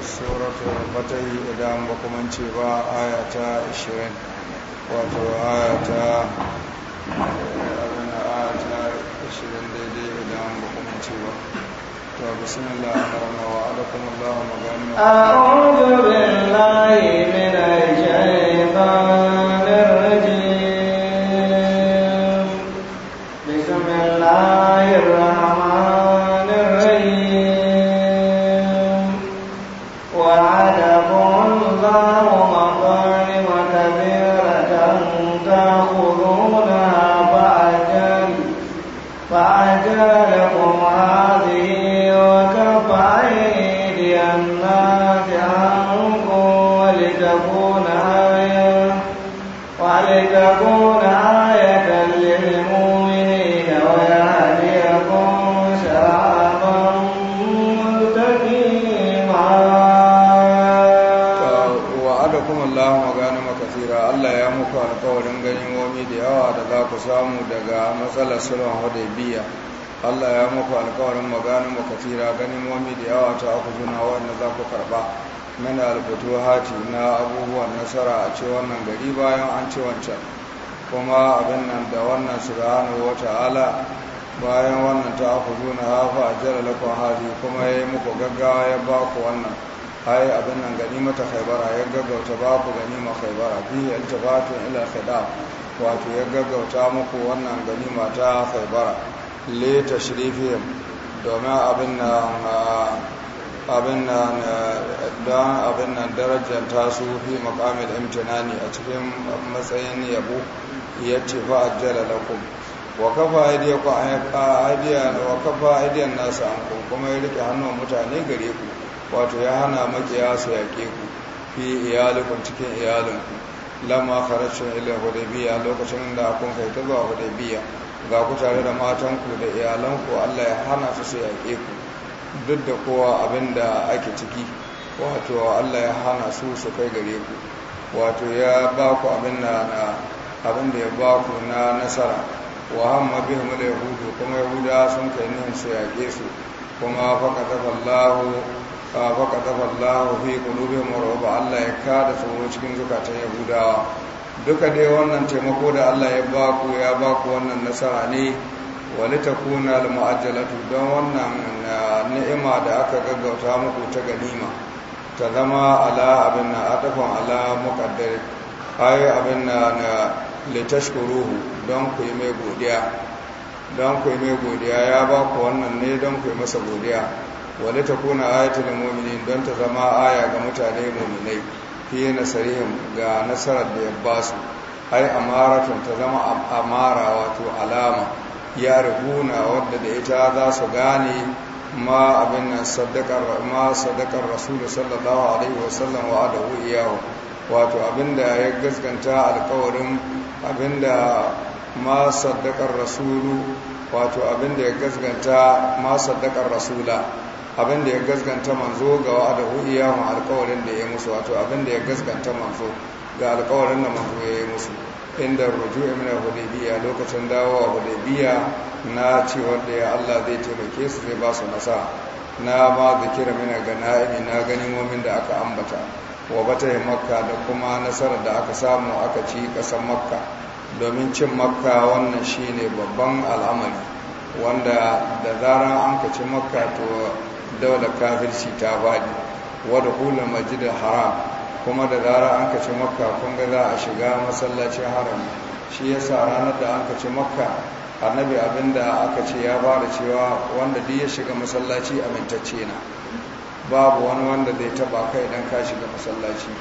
suratu batai idan ba kuma ce ba aya ta 20 wato aya ta abin aya ta 20 daidai idan ba kuma ce ba to bismillah rahim wa alakum allah magana a'udhu billahi minash shaitanir ku samu daga matsalar sulhun hudaybiya Allah ya muku alkawarin maganin makatira ganimomi da yawa ta aku juna wanda za ku karɓa. mana alfutu hati na abubuwan nasara a ce wannan gari bayan an ci wancan kuma abin nan da wannan subhanahu wa ta'ala bayan wannan ta aku juna hafa ajala lakum hadi kuma yayi muku gaggawa ya ba ku wannan ai abin nan ganimata khaybara ya gaggauta ba ku ganima khaybara bi iltifatun ila khidab wato ya gaggauta muku wannan gani mata khaibara le ta tashrifihim domin abin nan darajar nan fi imtinani a cikin matsayin yabo ce fa ajjala lakum ku wa kafa nasu kuma ya rike hannun mutane gare ku wato ya hana makiya su yake ku fi iyalikun cikin iyalinku lama kharashin ila hudaybiya lokacin da kun kai ta zuwa hudaybiya ga ku tare da matanku da iyalanku Allah ya hana su su yaƙe ku duk da kowa abin ake ciki wato Allah ya hana su su kai gare ku wato ya ba ku abin da ya ba ku na nasara wa hamma bihim al-yahudu kuma yahuda sun kai nihin su yaƙe su kuma faqadaballahu Ka dafa Allah fi qulubihim ruba Allah ya kada tsoro cikin zakatan Yahuda duka dai wannan taimako da Allah ya ba ku ya ba ku wannan nasara ne wani takuna al don wannan ni'ima da aka gaggauta muku ta ganima ta zama ala abin na adafan ala muqaddar ayi abin na litashkuruhu don ku yi mai godiya don ku yi mai godiya ya ba ku wannan ne don ku yi masa godiya wale ta kuna ayatul mu'minin don ta zama aya ga mutane mu'minai fiye na sarihim ga nasarar da ya ba su ai amaratun ta zama amara wato alama ya rubuna wadda da ita za su gane ma abin nan sadakar ma sadakar rasul sallallahu alaihi wasallam wa adahu iyahu wato abinda ya gaskanta alkawarin abinda ma sadakar rasulu wato abinda ya gaskanta ma sadakar rasula abin da ya gaskanta manzo ga wa'ada hudiya mu alƙawarin da ya musu wato abin da ya gaskanta manzo ga alkawarin da manzo ya yi musu inda ruju min hudaybiya lokacin dawowa hudaybiya na cewar da ya Allah zai taimake su zai ba su nasa na da kira mina ga na'imi na ganin wamin da aka ambata wa bata makka da kuma nasarar da aka samu aka ci kasan makka domin cin makka wannan shine babban al'amari wanda da zarar an kaci ci makka to daular kafirci ta faɗi wadda hula majidar haram kuma da zara an kaci makka kun ga za a shiga masallacin haram shi ya sa ranar da an kaci makka annabi da aka ce ya fara cewa wanda duk ya shiga masallaci amintacce na babu wani wanda zai taba kai idan ka shiga masallaci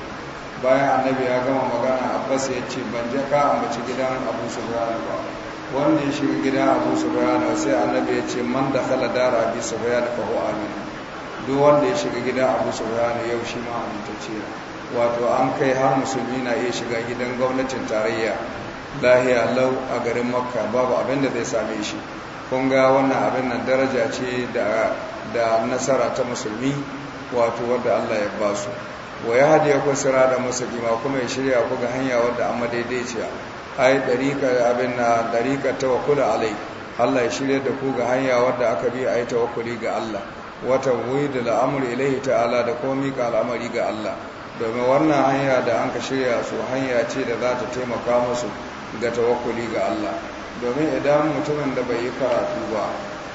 bayan annabi ya gama magana abbas ya ce ban je ka ambaci gidan abu sufyan ba wanda ya shiga gidan abu sufyan sai annabi ya ce man da kala dara bi sufyan ka huwa amin duk wanda ya shiga gidan abu sauraro yau shi ma amintacce wato an kai har musulmi na iya shiga gidan gwamnatin tarayya lahiya lau a garin makka babu abin da zai same shi kun ga wannan abin nan daraja ce da nasara ta musulmi wato wadda allah ya basu? su wa ya hadiya kun sira da musulma kuma ya shirya ku ga hanya wadda an madaidaiciya ai dariƙa abin na dariƙa tawakkul alai allah ya shirya da ku ga hanya wadda aka bi ta tawakkuli ga allah wata wuyi da al'amur ilahi ta'ala da komi miƙa al'amari ga Allah domin wannan hanya da an ka shirya su hanya ce da za ta taimaka musu ga tawakkuli ga Allah domin idan mutumin da bai yi karatu ba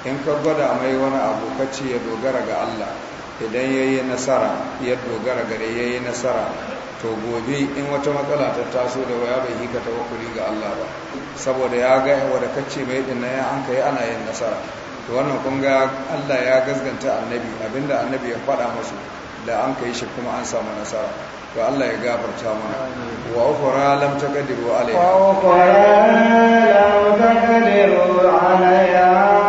in ka gwada mai wani abu ya dogara ga Allah idan ya yi nasara ya dogara gare ya yi nasara to gobe in wata matsala ta taso da waya bai yi ka tawakkuli ga Allah ba saboda ya ga da kacce mai dinna ya an yi ana yin nasara to wannan kun ga Allah ya gazganta annabi abinda annabi ya faɗa musu da an kai shi kuma an samu nasara to Allah ya gafarta mana wa ukhra lam taqdiru alayha wa ukhra lam taqdiru alayha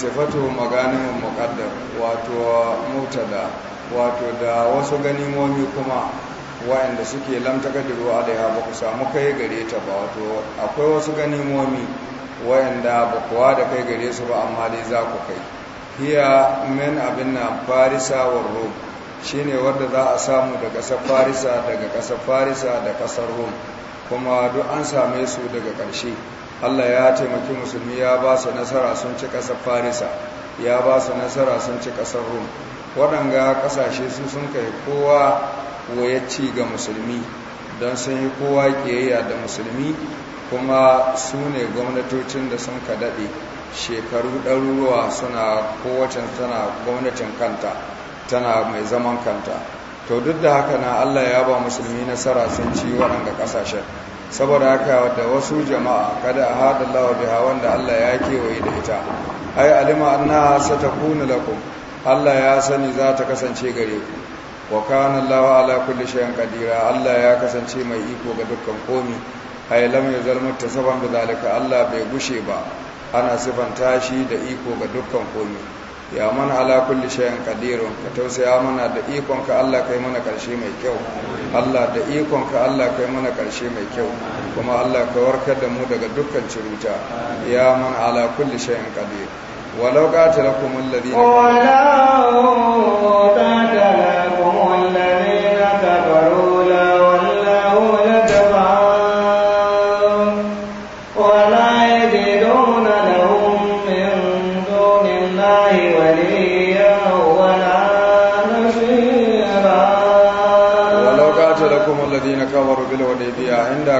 sifatu maganin muqaddar wato mutada wato da wasu ganimomi kuma wa'anda suke lamtaka da ruwa da ya ba ku samu kai gare ta ba wato akwai wasu ganimomi wa'anda ba kuwa da kai gare su ba amma dai za ku kai hiya min abin na farisa wa rom shine wanda za a samu da ƙasar farisa daga ƙasar farisa da ƙasar rom kuma duk an same su daga ƙarshe Allah ya taimaki musulmi ya ba su nasara sun ci ƙasar farisa ya ba su nasara sun ci ƙasar rum waɗanga ƙasashe su sun kai kowa wayacci ga musulmi don sun yi kowa ƙiyayya da musulmi kuma su ne gwamnatocin da sun ka daɗe shekaru ɗaruruwa suna kowacin tana gwamnatin kanta tana mai zaman kanta to duk da haka na allah ya ba musulmi nasara sun ci waɗanga ƙasashen saboda haka da wasu jama'a kada a haɗa lawa biha wanda Allah ya kewaye da ita ai alima annaha satakunu lakum Allah ya sani za ta kasance gare ku wa kana lawa ala kulli shay'in qadira Allah ya kasance mai iko ga dukkan komi ai lam ta muttasaban bi zalika Allah bai gushe ba ana sifanta shi da iko ga dukkan komi ya mana ala kulli shay'in qadirun ka tausaya mana da ikon ka Allah kai mana karshe mai kyau Allah da ikon ka Allah kai mana karshe mai kyau kuma Allah ka warkar da mu daga dukkan ciruta ya mana ala kulli shay'in qadir walau qatalakum alladhina walau ta'ala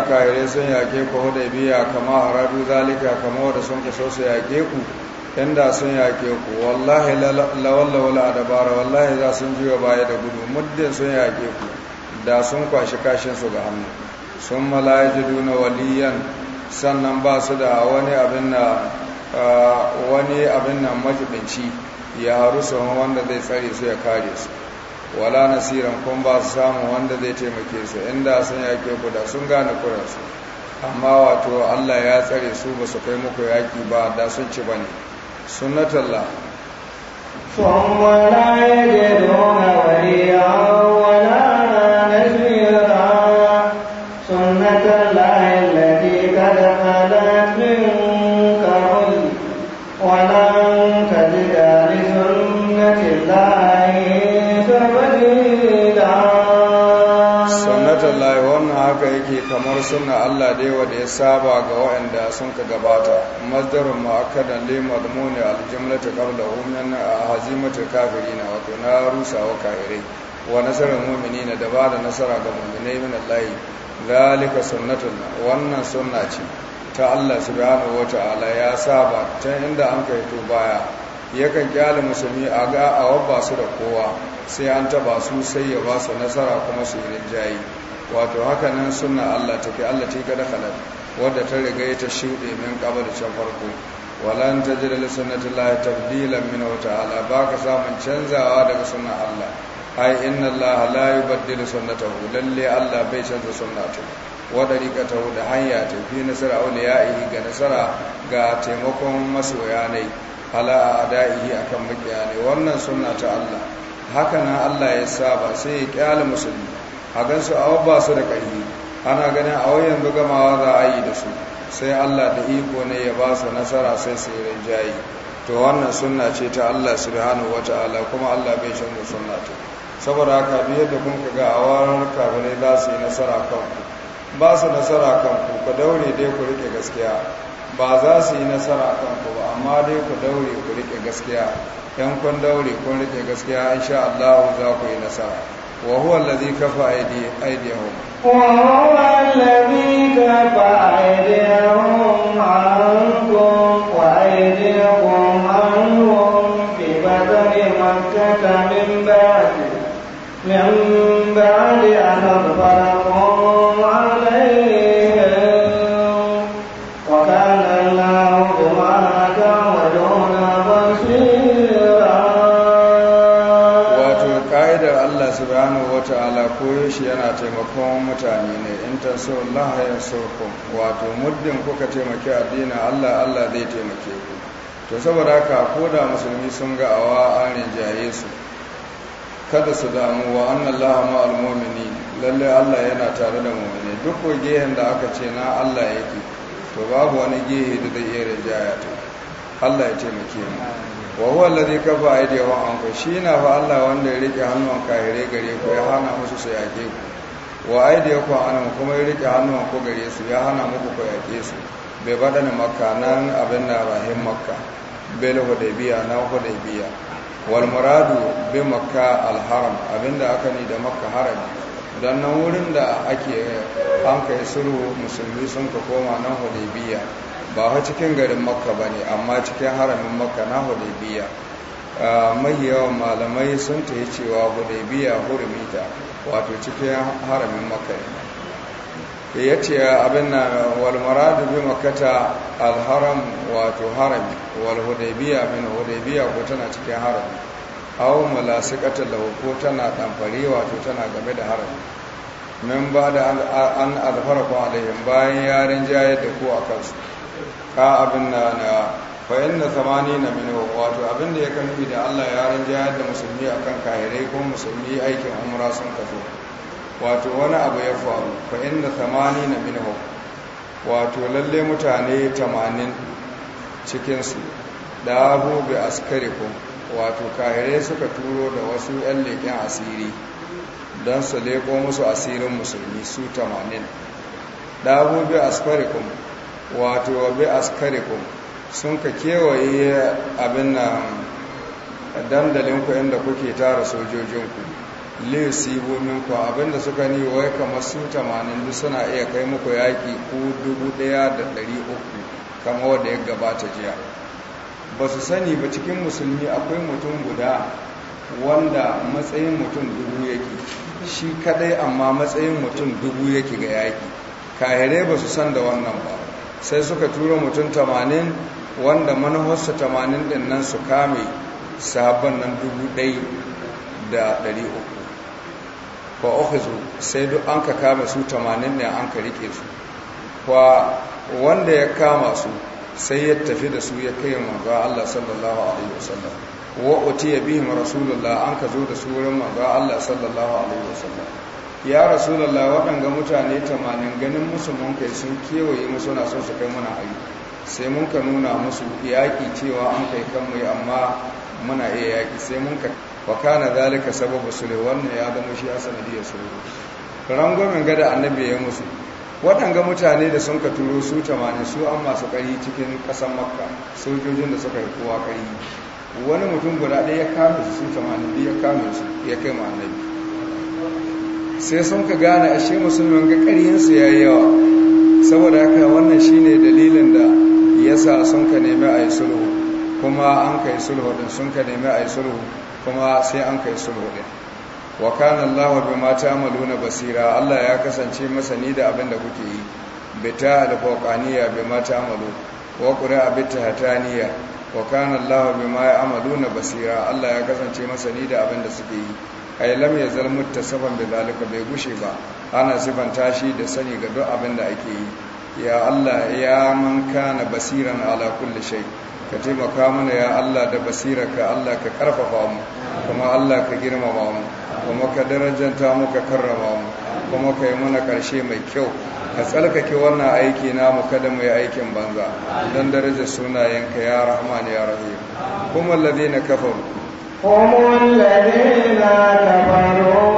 ka yare sun yake ku biya kama haradu zalika kama wadda sun kaso su yake ku inda sun yake ku wallahi lawalla wala dabara wallahi za sun jiwa baya da gudu muddin sun yake ku da sun kwashi kashin su ga hannu sun malaiji duna waliyan sannan ba su da wani abin na wani abin nan majibinci ya haru wanda zai tsare su ya kare su wala nasiran kun ba su samu wanda zai taimake su inda sun yake ku da sun gane kuransu amma wato Allah ya tsare su ba su kai muku yaki ba da sun ci bane sunnatallah ثم لا wariya wala yake kamar suna Allah da yawa da ya saba ga waɗanda sun ka gabata masdarin ma'akadan le madmuni aljumlata qabla umman kafiri na wato na rusa wa kafirai wa nasarar na da ba da nasara ga mu'minai min Allah zalika sunnatun wannan sunna ce ta Allah su wata ala ya saba ta inda an kai baya yakan kyale musulmi a ga a wabba su da kowa sai an taba su sai ya ba su nasara kuma su yi rinjayi wato haka nan suna Allah tafi Allah ta yi gada kalat wadda ta riga ta shuɗe min kaba da can farko walan tajid li sunnati llahi tabdilan min wata ala ba ka samun canzawa daga sunan Allah ai inna Allah la yubaddilu sunnatahu lalle Allah bai canza sunnatu riga ta da hanya ta fi nasara awliyaihi ga nasara ga taimakon masoyanai ala adaihi akan ne wannan sunna ta Allah haka nan Allah ya saba sai ya kyale musulmi a gansu a ba su da ƙarfi ana ganin a wayan gamawa za a yi da su sai Allah da iko ne ya ba su nasara sai su yi rinjaye to wannan sunna ce ta Allah wata wataala kuma Allah bai canza sunna ta saboda haka duk da kun ga awarar kafirai za su yi nasara kanku ba su nasara kanku ku daure dai ku rike gaskiya ba za su yi nasara kanku ba amma dai ku daure ku rike gaskiya yan kun daure kun rike gaskiya insha allahu za ku yi nasara وهو الذي كفى أيديهم وهو الذي كفى أيديهم عنكم وأيديكم عنهم في بدن مكة من بعد من بعد أن أظهرهم kore shi yana taimakon mutane ne in ta so ya sauko wato muddin kuka taimaki addinin Allah Allah zai taimake ku to saboda haka ko da musulmi sun ga awa an rinjaye su kada su damu wa annallaha al mumini lalle Allah yana tare da mu'mini duk gehen da aka ce na Allah yake to babu wani gehe da zai iya rinjaya to Allah ya taimake mu wa alladhi kafa aydihim ankum shi na fa Allah wanda ya rike hannun kahire gare ku ya hana musu su yake ku wa aydiyakum anan kuma ya rike hannu ku gare su ya hana muku ku yake su bai badana makka nan abin na rahim makka bil hudaybiya na hudaybiya wal muradu bi makka al haram abinda aka ni da makka harami dan nan wurin da ake an kai musulmi sun ka koma nan hudaybiya ba ha cikin garin makka ba ne amma cikin haramin makka na hudaybiya mai yawan malamai sun ta cewa hudaibiya hurumita wato cikin haramin makka ne ya ce abin na walmaradu bi makata alharam wato harami wal hudaybiya min hudaibiya ko tana cikin harami aw mulasikatar lahu ko tana damfari wato tana game da harami min ba da an alfarku alaihim bayan yaren jayar da ku a kansu ka abin na na fayin na samani na minu wato abin da ya kan da allah yaren jayar da musulmi a kan kahirai ko musulmi aikin umra sun kaso wato wani abu ya faru fayin na samani na minu wato lalle mutane tamanin cikinsu da abu bi askarikum wato kahirai suka turo da wasu 'yan leƙen asiri don su leƙo musu asirin musulmi su 80 ɗabu bi askarikum wato bi askarikum sun ka kewaye abin na dandalinku inda kuke tara sojojinku liyu sibo abin abinda suka ni wai kamar su 80 duk suna iya kai muku yaƙi ku uku kama wadda ya gabata jiya ba su sani ba cikin musulmi akwai mutum guda wanda matsayin mutum dubu yake shi kadai amma matsayin mutum dubu yake ga yaki kahirai ba su san da wannan ba sai suka tura mutum tamanin wanda manuwarsa tamanin din nan su kame sabon nan dubu ɗai da ɗari uku ba ofisu sai duk an ka kame su tamanin ne an ka rike su kwa wanda ya kama su sai ya tafi da su ya kai manzo Allah sallallahu alaihi wasallam wa utiya bihim rasulullah an ka zo da su wurin manzo Allah sallallahu alaihi wasallam ya rasulullah waɗanga mutane 80 ganin musu mun kai sun kewaye mu suna son su kai muna ayi sai mun ka nuna musu yaƙi cewa an kai kan mu amma muna iya yaƙi sai mun ka wa kana zalika sababu sule wannan ya zama shi asanadiyar sule rangwamen gada annabi ya musu waɗanga mutane da sun ka turo su tamanin su an masu kari cikin ƙasar makka sojojin da suka yi kowa ƙari wani mutum guda ɗaya ya su sun tamanin ya kama su ya kai ma annabi sai sun ka gane ashe musulman ga ƙaryinsu ya yi yawa saboda haka wannan shine dalilin da ya sa sun ka nemi a yi sulhu kuma an ka yi sulhu ɗin sun ka nemi a yi sulhu kuma sai an ka yi sulhu ɗin wa kana Allah bi ma ta'maluna basira Allah ya kasance masani da abin da kuke yi bita al-fawqaniyya bi ta'malu wa qura'a bi hataniya wa kana Allah bima ya'maluna basira Allah ya kasance masani da abin da suke yi ai lam yazal muttasaban bi zalika bai gushe ba ana sifanta shi da sani ga duk abin da ake yi ya Allah ya man kana basiran ala kulli shay ka taimaka mana ya Allah da ka Allah ka karfafa mu kuma Allah ka girmama mu kuma ka darajanta mu ka karrama mu kuma ka yi mana karshe mai kyau ka tsarkake wannan aiki mu kada mu yi aikin banza don daraja sunayenka ya rahman ya rahim kuma alladhina kafaru kuma الذين kafaru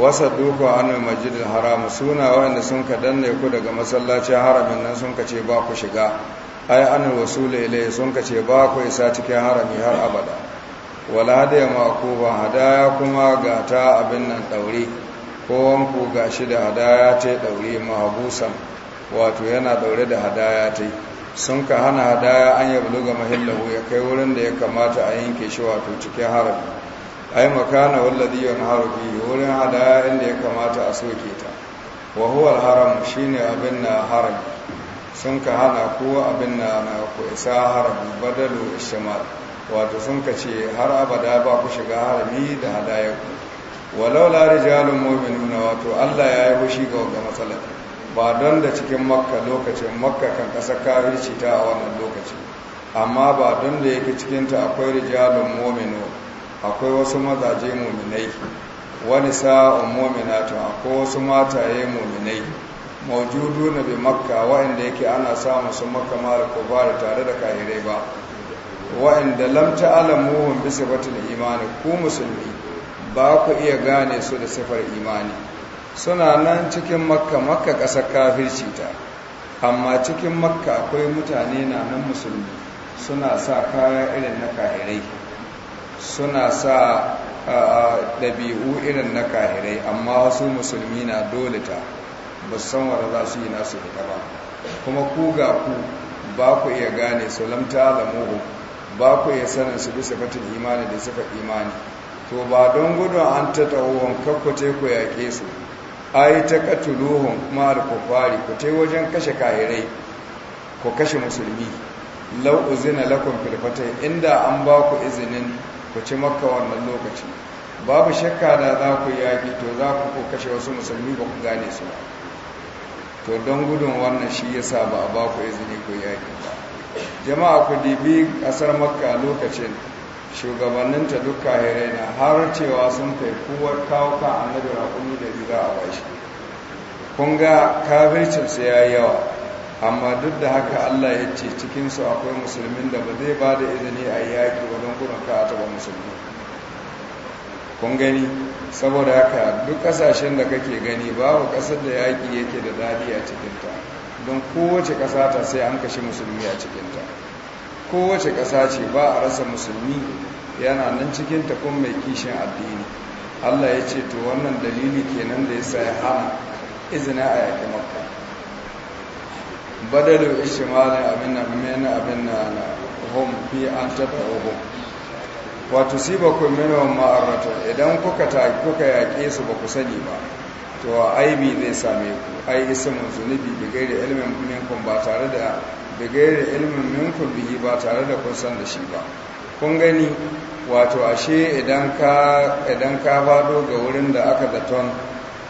wasa duku an majidin haram suna wanda sun ka danne ku daga masallacin haramin nan sun ka ce ba ku shiga ai an wasule ilai sun ka ce ba ku isa cikin harami har abada wala ku ba hadaya kuma ga ta abin nan daure kowan ku shi da hadaya ta daure mahabusan wato yana daure da hadaya ta sun ka hana hadaya an yabluga mahillahu ya kai wurin da ya kamata a yanke shi wato cikin harami ai makana wallazi yanharu fi wurin hadaya inda ya kamata a soke ta wa huwa haram shine abin na haram sun ka hana ko abin na na ku isa haram badalu ishmal wato sun ka ce har abada ba ku shiga harami da hadaya ku walau rijalun rijalun mu'minuna wato Allah ya yi fushi ga wannan matsalar ba don da cikin makka lokacin makka kan kasar kafirci ta a wannan lokaci amma ba don da yake cikinta akwai rijalun mu'minu akwai wasu mazaje muminai wani sa'un muminatu akwai wasu mataye muminai maujudu na bi makka wa'anda yake ana samun su makka mara da tare da kahirai ba wa’inda lamta alamuhun bisa batun imani ku musulmi ba ku iya gane su da sifar imani suna nan cikin makka makka ƙasar kafirci ta amma cikin makka akwai mutane na nan musulmi suna sa kaya irin na kahirai suna sa ɗabi'u irin na kahirai amma wasu musulmi na dole ta ba san wanda za su yi nasu fita ba kuma ku ga ku ba ku iya gane su lamta da muhu ba ku iya sanin su bisa fatin imani da suka imani to ba don gudun an ta tawon kakwace ku yaƙe su ai ta katuluhun kuma alkufari ku te wajen kashe kahirai ku kashe musulmi lau uzina lakum inda an ba ku izinin ku ci makka wannan lokaci babu shakka da za ku yaƙi to za ku ko kashe wasu musulmi ba ku gane su ba to don gudun wannan shi ya sa ba a ba ku izini ku yaƙi ba jama'a ku dibi ƙasar makka lokacin shugabanninta dukka kahirai na har cewa sun kai kuwar kawo kan annabi raƙumi da zira a bashi kun ga kafircinsu ya yi yawa amma duk da haka Allah ya ce cikinsu akwai musulmin da ba zai ba da izini a yaƙi wajen gudun ka a taɓa musulmi kun gani saboda haka duk ƙasashen da kake gani babu ƙasar da yaƙi yake da daɗi a cikinta don kowace ƙasa ta sai an kashe musulmi a cikinta kowace ƙasa ce ba a rasa musulmi yana nan cikinta kun mai kishin addini Allah ya ce to wannan dalili kenan da ya sa ya hana izina a yaƙi makka badalu ishimali abin na mena abin na na hom fi an taɓa ogun wato si ba ku minimum ma'arratu idan kuka ta kuka yaƙe su ba ku sani ba to aibi zai same ku ai ismun zunubi bi gairi ilmin minkum ba tare da bi gairi ilmin minkum bihi ba tare da kun san da shi ba kun gani wato ashe idan ka idan ka fado ga wurin da aka zaton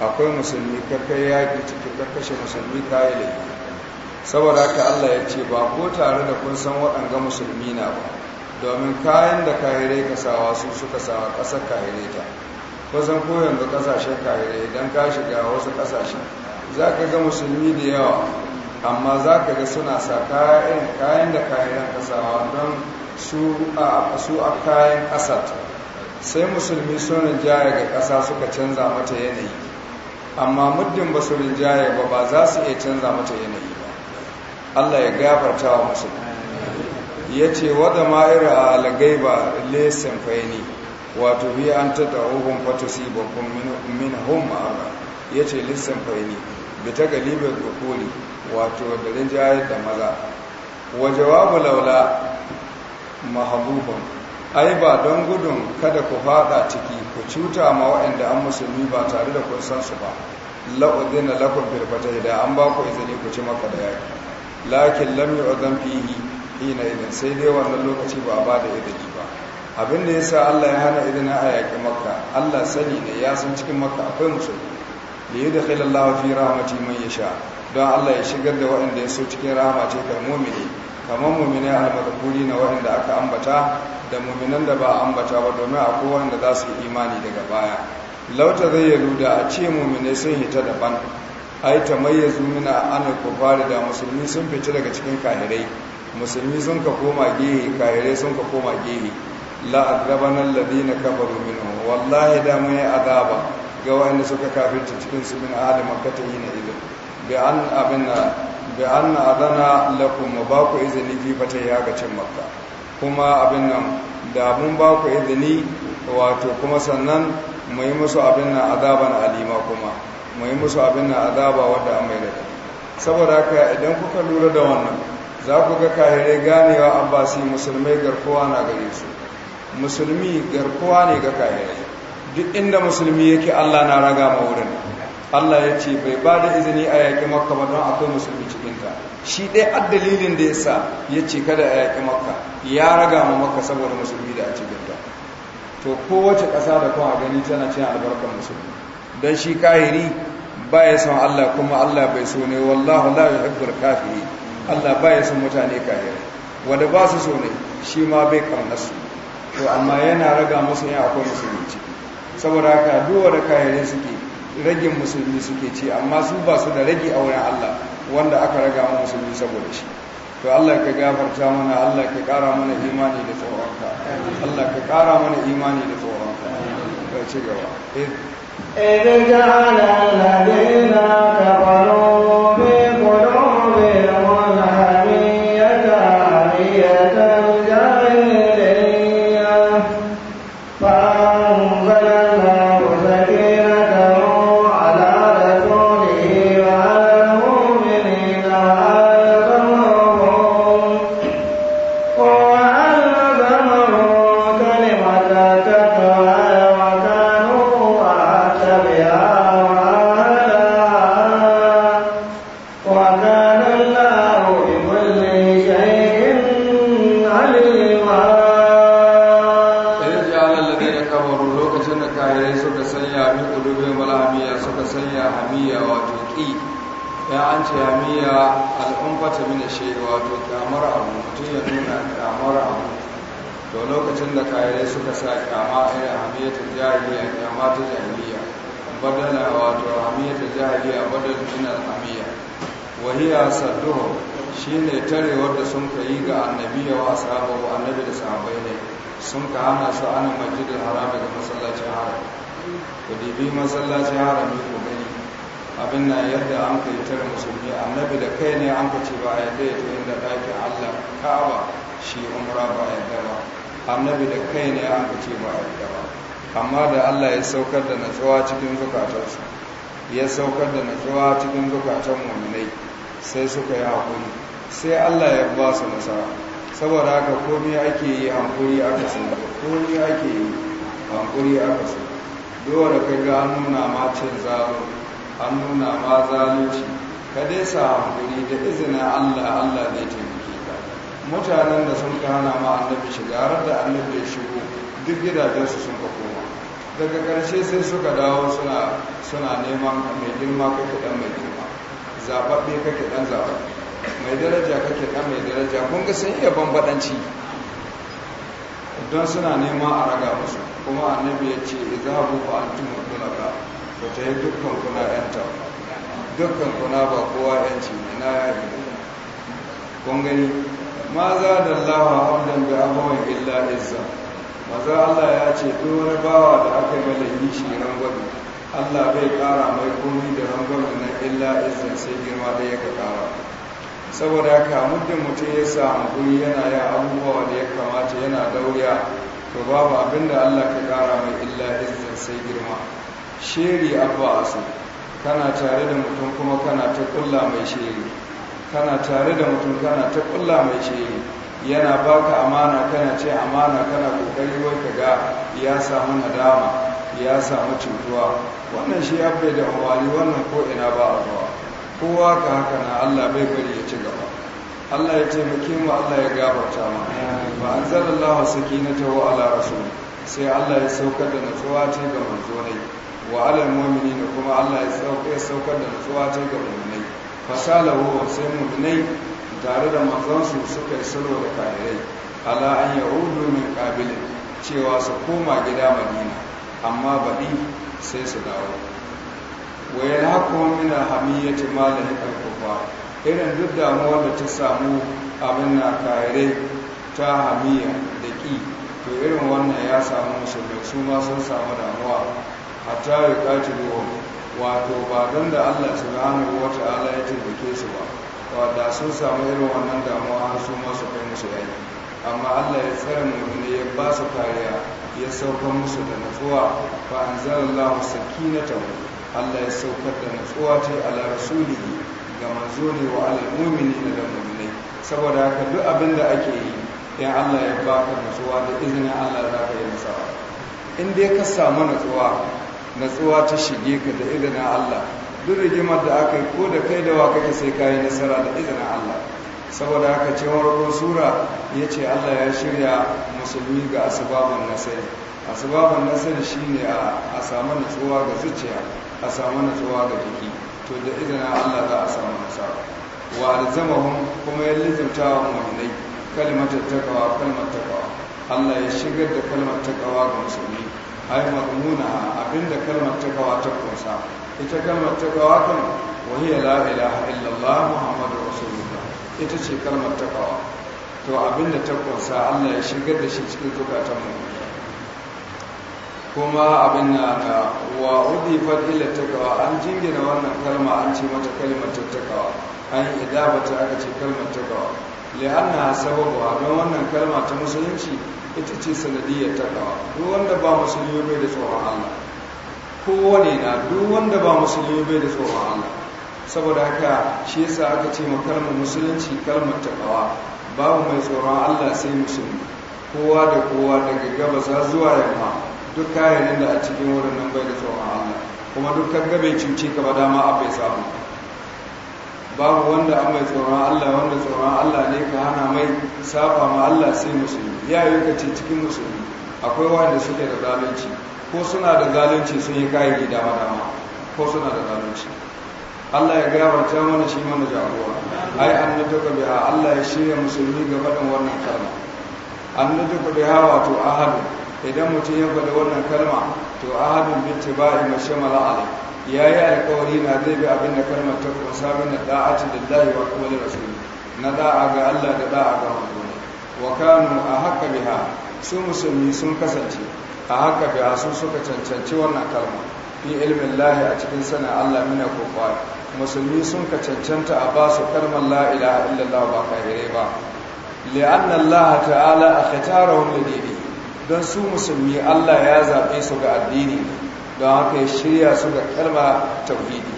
akwai musulmi kakkai yaƙi cikin kakkashe musulmi yi laifi saboda haka Allah ya ce ba ko tare da kun san waɗanga musulmi na ba domin kayan da kahirai ka sawa su suka sawa ƙasar kahirai ta kusan ko yanzu ƙasashen kahirai don ka shiga wasu ƙasashen za ka ga musulmi da yawa amma za ka ga suna sa kayan da kahiran kasawa don su a kayan ƙasar sai musulmi suna jaya ga ƙasa suka canza mata yanayi amma muddin ba su rinjaya ba ba za su iya canza mata yanayi ba Allah ya gafarta wa musu ya ce wadda ma'ira algaiba lesson faini wato biya an da ohun fatosi babban min home ma'ara ya ce lesson faini bi ta galibar gokoli wato da rinjayar da maza wa jawabu laula mahabubun ai ba don gudun kada ku fada ciki ku cuta ma waɗanda an musulmi ba tare da kun san su ba la'udina lakum bil fatah an ba ku izini ku ci maka da yaki lakin lam yu'zan fihi hina idan sai dai wannan lokaci ba a ba da izini ba abin da yasa Allah ya hana idan a yaƙi makka Allah sani ne ya san cikin makka akwai musulmi da yi da khilallahu fi mai ya sha, don Allah ya shigar da waɗanda ya so cikin rahama ce ga mu'mini kamar mu'mini a madhkuri na waɗanda aka ambata da mu'minan da ba ambata ba domin a da za su yi imani daga baya lauta zai yi da a ce mu'mini sun hita daban ai tamayyazu mina anil kufari da musulmi sun fice daga cikin kahirai musulmi sun ka koma gehe kahirai sun ka koma gehe la azabana alladhina kafaru minhum wallahi da mai azaba ga wanda suka kafirta cikin su min ahli yi na izin bi an na adana lakum ba ku izini fi fata ya ga cin makka kuma abin nan da mun ba ku izini wato kuma sannan mu yi musu abin nan azaban alima kuma mai musu abin na azaba wadda an mai saboda haka idan kuka lura da wannan za ku ga kahirai ganewa an ba su musulmai garkuwa na gare su musulmi garkuwa ne ga kahirai duk inda musulmi yake allah na raga ma wurin allah ya ce bai ba da izini a yaƙi makka ba don akwai musulmi cikinta shi ɗaya a dalilin da ya sa ya ce kada a yaƙi makka ya raga ma makka saboda musulmi da a cikinta to kowace ƙasa da kuma gani tana cin albarkar musulmi don shi kahiri ba ya son Allah kuma Allah bai so ne wallahu la yuhibbul kafiri Allah ba son mutane kahiri wanda ba su so ne shi ma bai karnasu to amma yana raga musu yin akwai musulunci saboda haka duwa da kahiri suke ragin musulmi suke ci amma su ba su da ragi a wurin Allah wanda aka raga musulmi saboda shi to Allah ka gafarta mana Allah ka kara mana imani da tsoronka Allah ka kara mana imani da tsoronka ka ci gaba eh. إذ جعل الذين كفروا hiya shi ne tarewar da sun yi ga annabi wa ashabahu annabi da sahabai ne sun ka hana su ana masjidil haram daga masallacin haram ku dibi masallacin haram ku gani abin na yadda an yi tare musulmi annabi da kai ne an ka ce ba a yadda ya to inda ɗakin Allah Ka'aba shi umra ba a yadda ba annabi da kai ne an ka ce ba a yadda ba amma da Allah ya saukar da natsuwa cikin zukatarsu ya saukar da natsuwa cikin zukatan mummunai sai suka yi hankuri sai allah ya ba su nasara saboda haka komi ake yi hankuri aka su komi ake yi hankuri aka su dole kai ga an nuna macin cin zaro an nuna ma zalunci ka dai sa hankuri da izinin allah allah zai taimake ka mutanen da sun kana ma annabi shiga har da annabi ya shigo duk gidajensu sun ka koma daga ƙarshe sai suka dawo suna neman mai girma ko kaɗan mai zababbe kake dan zaɓa? mai daraja kake dan mai daraja kun ga sun iya bambadanci don suna nema a raga musu kuma annabi ya ce izhabu fa antum mutlaqa Ba ta yi dukkan kuna yanta dukkan kuna ba kowa yanci na ya yi kun gani ma za da lawa abdan bi abawan illa izza maza Allah ya ce duk wani bawa da aka yi malayi shi ran gwabi Allah bai kara mai komi da da na illa izin sai girma da ga kara saboda haka muddin mutum ya samu guri yana ya abubuwa da ya kamata yana dauriya to babu abin da Allah ka kara mai illa izin sai girma shiri abba a su kana tare da mutum kuma kana ta kulla mai shiri kana tare da mutum kana ta kulla mai shiri yana baka amana kana ce amana kana kokari wai ka ga ya samu nadama ya samu cutuwa wannan shi ya bai da hawali wannan ko ina ba a zuwa kowa ka haka na Allah bai bari ya ci gaba Allah ya muke mu Allah ya gafarta mu ba an anzalallahu wa ala rasul sai Allah ya saukar da nutsuwa ce ga manzo ne wa ala da kuma Allah ya saukar saukar da nutsuwa ce ga mu'minai fasalahu sai mu'minai tare da manzansu suka yi sulhu da kafirai ala an ya'udu min qabil cewa su koma gida madina amma baɗi sai su dawo waya na kuma mina hamiyyati malahi karkufa irin duk damuwar da ta samu abin na kare ta hamiyya da ƙi to irin wannan ya samu musulmai su ma sun samu damuwa hatta ya ƙaci wato ba don da allah subhanahu wata ala ya taimake su ba wadda sun samu irin wannan damuwa har su masu kai musu yayi amma allah ya tsare mu ne ya ba su kariya ya saukar musu da natsuwa fa anzalallahu sakinatan Allah ya saukar da natsuwa ta ala rasuli ga manzo ne wa ala mu'minina da mu'minai saboda haka duk abin da ake yi in Allah ya baka natsuwa da izinin Allah za ka yi nasawa in dai ka samu natsuwa natsuwa ta shige ka da izinin Allah duk rigimar da aka yi ko da kai da wa kake sai ka yi nasara da izinin Allah saboda haka ce warko sura ya ce allah ya shirya musulmi ga asibabin nasari asibabin nasari shine a samu nutsuwa ga zuciya a samu nutsuwa ga jiki to da izinin allah za a samu nasara wa alzamahum kuma ya lizimta wa mu'minai kalmatar takawa kalmar takawa allah ya shigar da kalmar takawa ga musulmi ai magmuna abinda kalmar takawa ta kunsa ita kalmar takawa kan wahiyar la'ila ilaha illallah muhammadu rasulullah ita ce kalmar takawa to abinda ta kunsa Allah ya shigar da shi cikin zukatan mu kuma abin na ka wa udifat fadila takawa an jingina wannan kalma an ce mata kalmar takawa an yi idabata aka ce kalmar takawa li'anna sababu abin wannan kalma ta musulunci ita ce sanadiyar takawa duk wanda ba musulmi bai da tsoron Allah kowane na duk wanda ba musulmi bai da tsoron Allah saboda haka shi yasa aka ce makalmar musulunci kalmar takawa babu mai tsoron Allah sai musulmi kowa da kowa daga gabasa zuwa yamma duk kayanin da a cikin wurin nan bai da tsoron Allah kuma duk gaba cuce ka ba dama a bai samu babu wanda an mai tsoron Allah wanda tsoron Allah ne ka hana mai saba ma Allah sai musulmi ya yi ka ce cikin musulmi akwai wanda suke da zalunci ko suna da zalunci sun yi kayan gida dama dama ko suna da zalunci Allah ya gafarta mana shi mana jagora ai duka biha Allah ya shirya musulmi ga faɗin wannan kalma annatuka biha wato ahadu idan mutum ya faɗi wannan kalma to ahadun bittiba'i mashamala Ya yayi alƙawari na zai bi abin da kalmar ta kunsa min da'ati lillahi wa da rasuli na da'a ga Allah da da'a ga manzo wa kanu haka biha su musulmi sun kasance A haka biha su suka cancanci wannan kalma fi ilmin lahi a cikin sanin Allah mina ko kwari musulmi sun ka cancanta a ba su kalmar la ilaha illallah ba kahire ba li'anna Allah ta'ala a akhtarahum lidini don su musulmi Allah ya zaɓe su ga addini don haka ya shirya su ga kalma tauhidi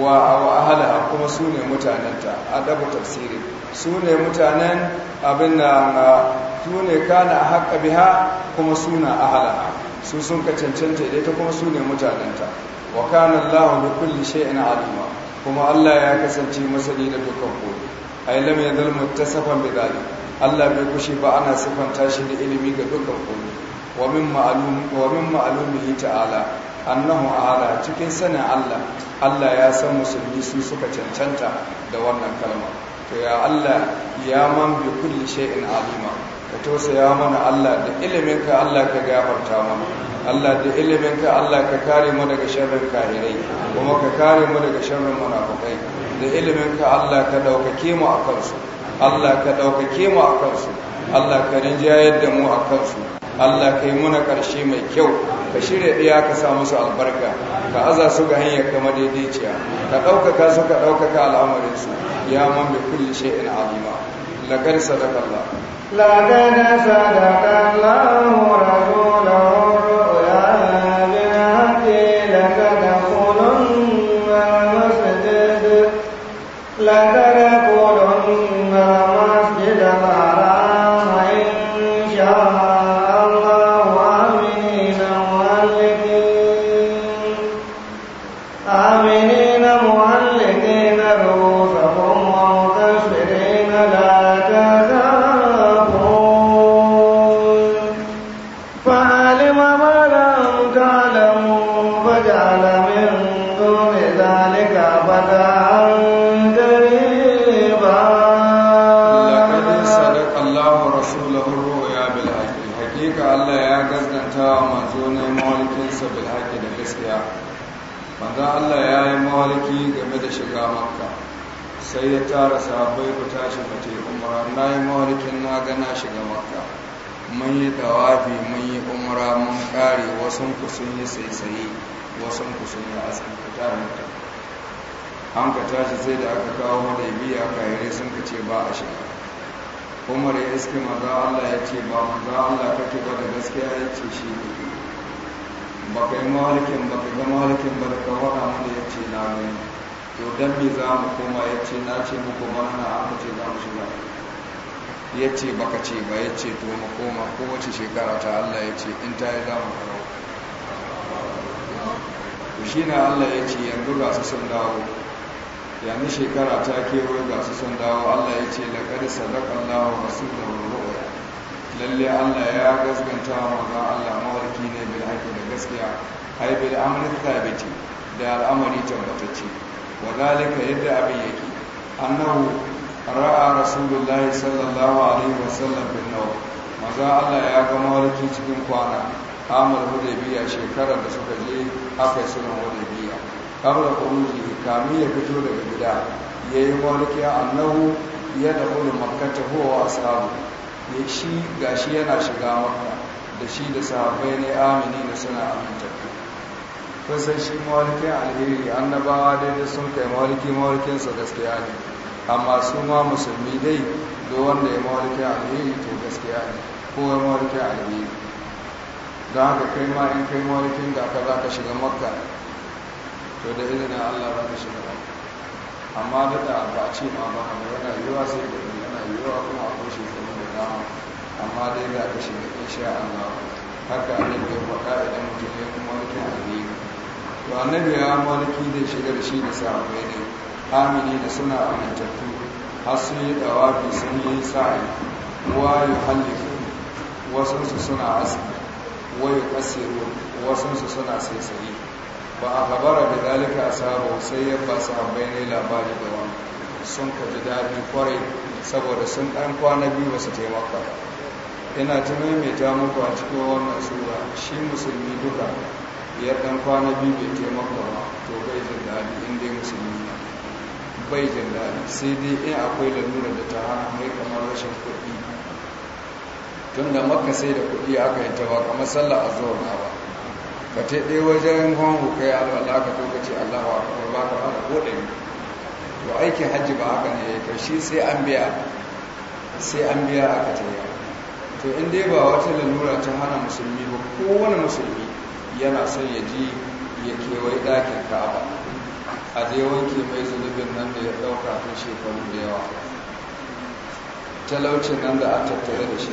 wa a wahala kuma su ne mutanenta a adabu tafsiri su ne mutanen abin da su ne kana haƙa biha kuma su a ahalaha su sun ka cancanta idai ta kuma su ne mutanenta wa kana Allahu bi kulli shay'in alima kuma Allah ya kasance masani da dukkan komai ai lam yadhal muttasafan bi dhalik Allah bai kushi ba ana sifanta shi da ilimi ga dukkan komai wa min ma'lum ta'ala annahu ala cikin sanin Allah Allah ya san musulmi su suka cancanta da wannan kalma to ya Allah ya man bi kulli shay'in alima ka tausaya mana Allah da iliminka Allah ka gafarta mana Allah da iliminka Allah ka kare mu daga sharrin kahirai kuma ka kare mu daga sharrin munafukai da iliminka Allah ka daukake mu akan su Allah ka daukake mu akan su Allah ka rinjayar da mu a su Allah ka yi muna ƙarshe mai kyau ka shirya ɗaya ka sa musu albarka ka aza su ga hanyar kamar daidaiciya ka ɗaukaka su ka ɗaukaka al'amarinsu ya man bi kulli shay'in alima لقد صدق الله لقد صدق الله رسوله an ka tashi sai da aka kawo a kayarai sun ka ce ba a shiga umar ya iske maza allah ya ce ba maza allah ka ba da gaskiya ya ce shi ne ba ka yi malikin ba ka ga malikin ba da kawara mana ya ce na gani to don bi za mu koma ya ce na ce muku mana na ka ce za mu shiga ya ce ba ka ce ba ya ce to mu koma ko wace shekara ta allah ya ce in ta yi za mu kawo shi na allah ya ce yanzu ga su sun dawo yanzu shekara ta kewa ga su son dawo allah ya ce kada sadakar lawa masu da ruwa lalle allah ya gasganta wa maza allah mawarki ne bil haƙi da gaskiya ai bil amrin da al'amari tabbatacce wa zalika yadda abin yake annahu ra'a rasulullahi sallallahu alaihi wasallam bin nawa maza allah ya ga mawarki cikin kwana amur a shekarar da suka je aka yi sulhun kabla kuruji kami ya fito daga gida ya yi maliki annahu ya da wani makata huwa ashabu ya shi ga shi yana shiga makka da shi da sahabai ne amini da suna amintattu kusan shi mawalikin alheri annabawa daidai sun kai mawaliki mawalikinsa gaskiya ne amma su ma musulmi dai da wanda ya mawalikin alheri to gaskiya ne ko ya mawalikin alheri don haka kai ma in kai mawalikin da aka za ka shiga makka to da izinin Allah za ka shiga ba amma da da ba a ce ma ba amma yana yiwa sai da ni yana yiwa kuma a kushe kuma da dama amma dai za ka shiga sha Allah haka da ya faɗa idan mutum ya kuma mulkin addini to annabi ya mulki da shigar shi da sahabbai ne amini da suna amintattu har sun yi dawafi sun yi sa'i wa yuhallifu wasansu suna asibi wa asiru wasansu suna sai sai ba a habara da dalika a sabo sai ya ba su ne labari da wani sun ka ji daɗi kwarai saboda sun ɗan kwana biyu ba su taimaka ina ta mai muku a cikin wannan tsura. shi musulmi duka ya ɗan kwana biyu bai taimaka ba to bai jin daɗi in dai musulmi ne bai jin daɗi sai dai in akwai lalura da ta hana mai kamar rashin kuɗi tun da maka sai da kuɗi aka yi tawa kamar sallah a zuwa ba ka te ɗai wajen hongu kai alwala ka to ka ce allahu akbar ba ka fara ko ɗari to aikin hajji ba haka ne ya shi sai an biya sai an biya aka ka yi to in dai ba wata lalura ta hana musulmi ba kowane musulmi yana son ya ji ya kewaye ɗakin ba a je wanke mai zunubin nan da ya ɗauka tun shekaru da yawa talaucin nan da an tattare da shi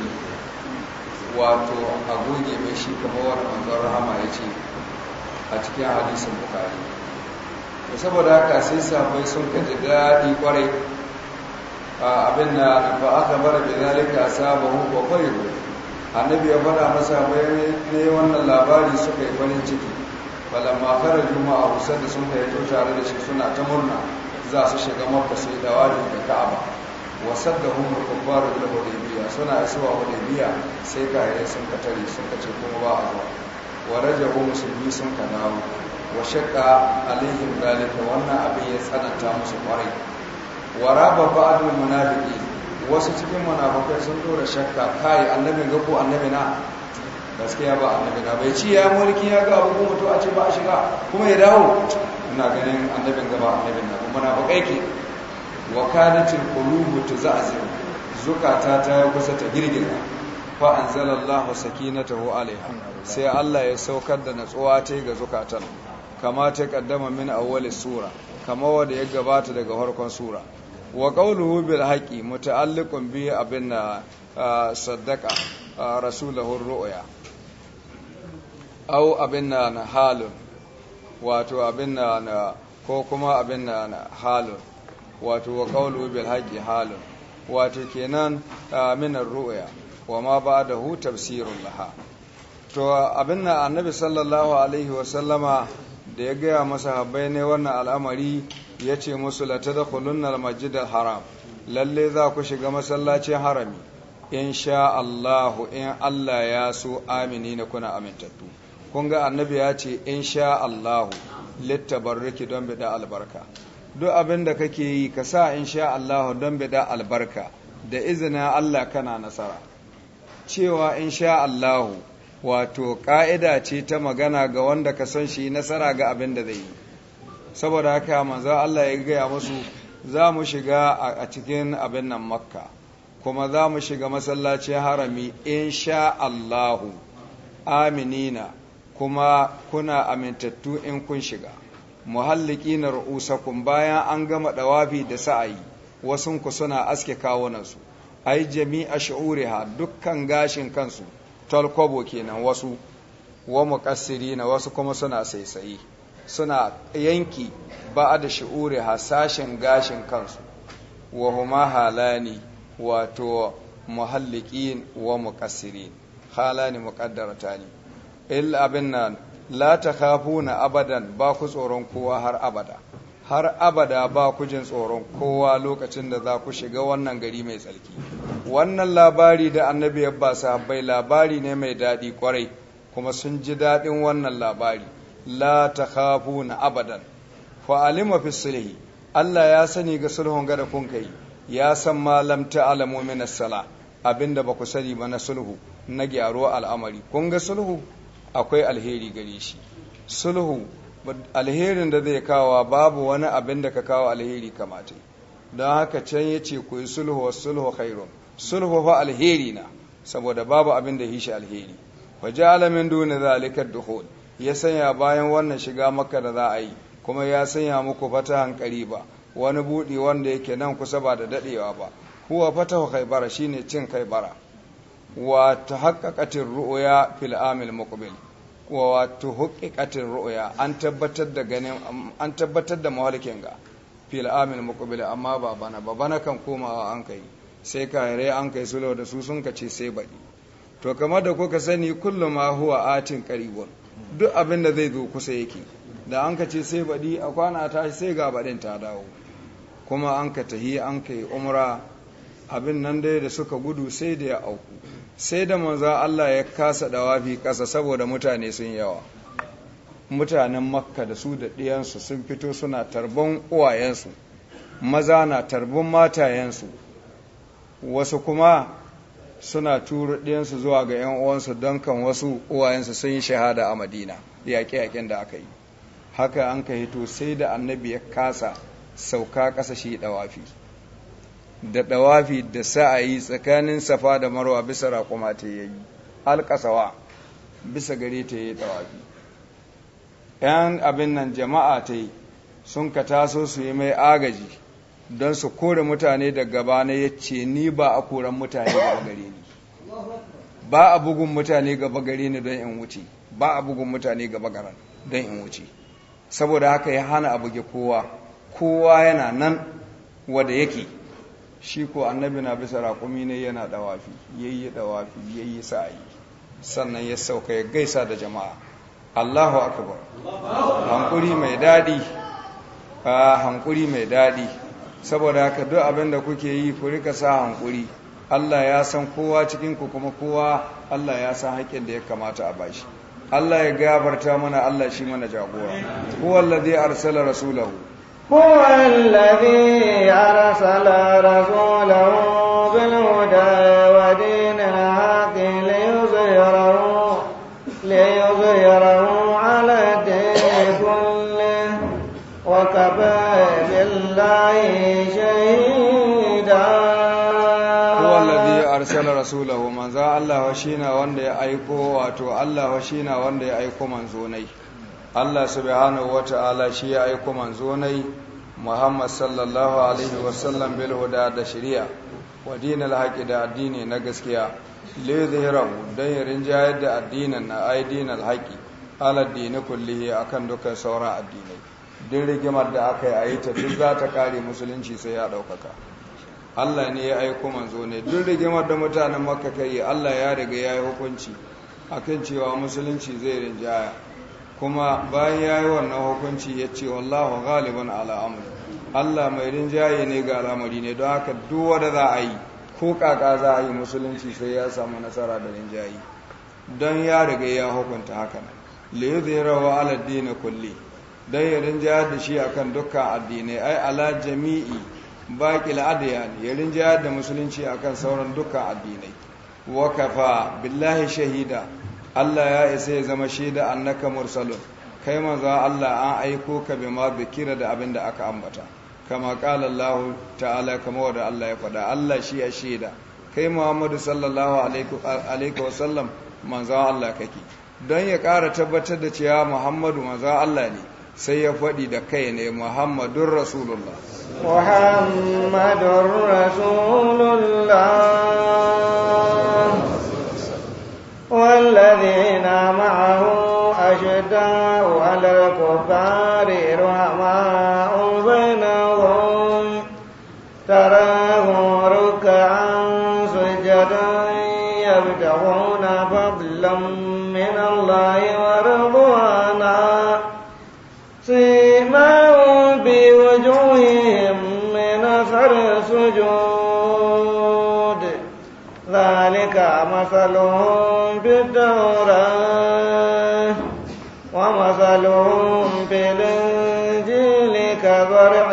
wato a goge mai shi kamar manzan rahama ya ce a cikin hadisin bukari da saboda haka sai sabai sun kaji daɗi kwarai abin na ba aka bara bai zalika sabahu ba kwarai annabi ya faɗa masa ya ne wannan labari suka yi farin ciki falamma kara juma'a kusa da sun ka tare da shi suna ta murna za su shiga mafasai sai dawa da ka'aba wasar da hun kubbaru da hudaybiya suna isuwa hudaybiya sai kayayyar sun ka sun ka ce kuma ba a zuwa wa rajabu musulmi sun ka dawo wa shakka alaihim dalika wannan abin ya tsananta musu kwarai wa raba ba'dul munafiqi wasu cikin munafikai sun dora shakka kai annabi ga ko annabi na gaskiya ba annabi na bai ci ya mulki ya ga abu mutu a ce ba a shiga kuma ya dawo ina ganin annabin gaba annabin na kuma na bakai ke wa kanatil qulubu tuzazim zukata ta kusa ta girgira fa anzalallahu sakinatahu alaiha sai Allah ya saukar da natsuwa ta ga zukatan kama ta kaddama min awwali sura kama wanda ya gabata daga farkon sura wa qawluhu bil haqi muta'alliqun bi abin saddaqa rasulahu ru'ya aw abin na halun wato abin na ko kuma abin na halun wato wa qawlu bil haƙi halin wato kenan a minar ruya wa ma ba ba'dahu tafsirun laha to abin na annabi sallallahu alaihi wa da ya gaya masa habai ne wannan al'amari ya ce musu la da kulunar masjid haram lalle za ku shiga masallacin harami sha Allahu in Allah ya so amini na kuna amintattu kun ga annabi ya ce sha Allahu littabarriki don bida albarka duk abin da kake yi ka sa in sha Allah don bida albarka da izina Allah kana nasara cewa in sha Allah wato ka'ida ce ta magana ga wanda ka san shi nasara ga abin da zai yi saboda haka manzo Allah ya gaya musu za mu shiga a cikin abin nan makka kuma za mu shiga masallacin harami in sha Allahu aminina kuma kuna amintattu in kun shiga muhalliki na ru'usakun bayan an gama ɗawafi da sa'ayi wasunku suna aske su ai jami'a sha'uriha dukkan gashin kansu talkobo kenan wasu wa muqassiri na wasu kuma suna saisaye suna yanki ba da sha'uri sashin gashin kansu wa huma halani wato muhallikin wa muƙassirin halani muqaddaratani ne il abin la ta na abadan ba ku tsoron kowa har abada har abada ba ku jin tsoron kowa lokacin da za ku shiga wannan gari mai tsarki wannan labari da annabi ya ba sahabbai labari ne mai daɗi kwarai kuma sun ji daɗin wannan labari la ta na abadan fa alima fi sulhi Allah ya sani ga sulhun gada kun kai ya san ma lam ta'lamu min sala abinda ba ku sani ba na sulhu na gyaro al'amari kun ga sulhu akwai alheri gare shi sulhu alherin da zai kawo babu wani abin da ka kawo alheri kamata don haka can ya ce ku sulhu wa sulhu khairun sulhu fa alheri na saboda babu abin da hishi alheri wa ji alamin duna zalika dukhul ya sanya bayan wannan shiga maka da za a yi kuma ya sanya muku hankali ba wani buɗi wanda yake nan kusa ba da daɗewa ba huwa fatahu khaybara shine cin kaibara wa ta haƙaƙatin ru'ya fil amil muqbil wa wato huƙiƙatin ru'ya an tabbatar da ganin an tabbatar da mawalikin ga fil amin muqbil amma ba bana ba bana kan komawa an kai sai ka rai an kai sulo da su sun kace sai baɗi to kamar da kuka sani kullum ma huwa atin qaribun duk abin da zai zo kusa yake da an kace sai baɗi a kwana ta sai ga baɗin ta dawo kuma an ka tahi an kai umra abin nan dai da suka gudu sai da ya auku sai da manza Allah ya kasa ɗawafi kasa saboda mutane sun yawa mutanen makka da su da ɗiyansu sun fito suna tarbon uwayensu maza na tarbon matayensu wasu kuma suna turo ɗiyansu zuwa ga 'yan uwansu don kan wasu uwayensu sun yi shahada a madina yaƙe-yaƙen da aka yi haka an ka hito sai da annabi ya kasa sauka ƙasa shi dawafi da ɗawafi da sa'ayi tsakanin safa da marwa bisa raƙuma ta yayi alƙasawa bisa gare ta yi dawafi yan abin nan jama'a ta yi sun ka taso su yi mai agaji don su kore mutane da gaba na ya ce ni ba a koren mutane gaba gare ni ba a bugun mutane gaba gare ni don in wuce ba a bugun mutane gaba garan don in wuce saboda haka ya hana a buge kowa kowa yana nan wada yake shi ko annabi na bisa raƙumi ne yana dawafi yayi dawafi yayi sa'ayi sannan ya sauka ya gaisa da jama'a Allahu akbar hankuri mai dadi hankuri mai dadi saboda haka duk abin da kuke yi ku rika sa hankuri Allah ya san kowa cikin ku kuma kowa Allah ya san haƙƙin da ya kamata a bashi Allah ya gabarta mana Allah shi mana jagora huwallazi arsala rasulahu هو الذي أرسل رسوله بالهدى ودين الحق ليظهره ليظهره على الدين كله وكفى بالله شهيدا هو الذي أرسل رسوله من ذا الله وشينا وندي أيكو واتو الله وشينا وندي أيكو من منزوني Allah subhanahu ta'ala shi ya aiko manzo nai Muhammad sallallahu alaihi wa sallam bil huda da shari'a wa dinil haqi da addini na gaskiya li zahirahu dan yarin jayar da addinin na ai dinil haqi ala dini kullihi akan dukkan sauran addinai din rigimar da aka yi a yi ta duk za ta kare musulunci sai ya ɗaukaka Allah ne ya aiko manzo ne duk rigimar da mutanen makka kai Allah ya riga ya yi hukunci akan cewa musulunci zai rinjaya kuma bayan ya yi wannan hukunci ya ce wallahu galiban al'amur allah mai rinjaye ne ga al'amari ne don haka duwa da za a yi ko kaka za a yi musulunci sai ya samu nasara da rinjaye don ya riga ya hukunta haka li yuzhira wa ala dini kulle don ya rinjaya da shi akan dukkan addinai ai ala jami'i baqil ne, ya rinjaya da musulunci akan sauran dukkan addinai wa kafa billahi shahida Allah ya isa ya zama shaida annaka mursalun kai manzo Allah an aiko ka ma bikira da abin da aka ambata kama qala Allah ta'ala kama wanda Allah ya faɗa Allah shi ya shaida kai Muhammadu sallallahu alaihi wa sallam manzo Allah kake don ya ƙara tabbatar da cewa Muhammadu manzo Allah ne sai ya faɗi da kai ne Muhammadun Rasulullah Muhammadun Rasulullah والذين معه أشداء على الكفار رحماء بينهم تراهم ركعا سجدا يبتغون فضلا من الله ورضوانا سيماهم بوجوههم من أثر السجود ذلك مثلهم في التوراة ومثلهم في الإنجيل كزرع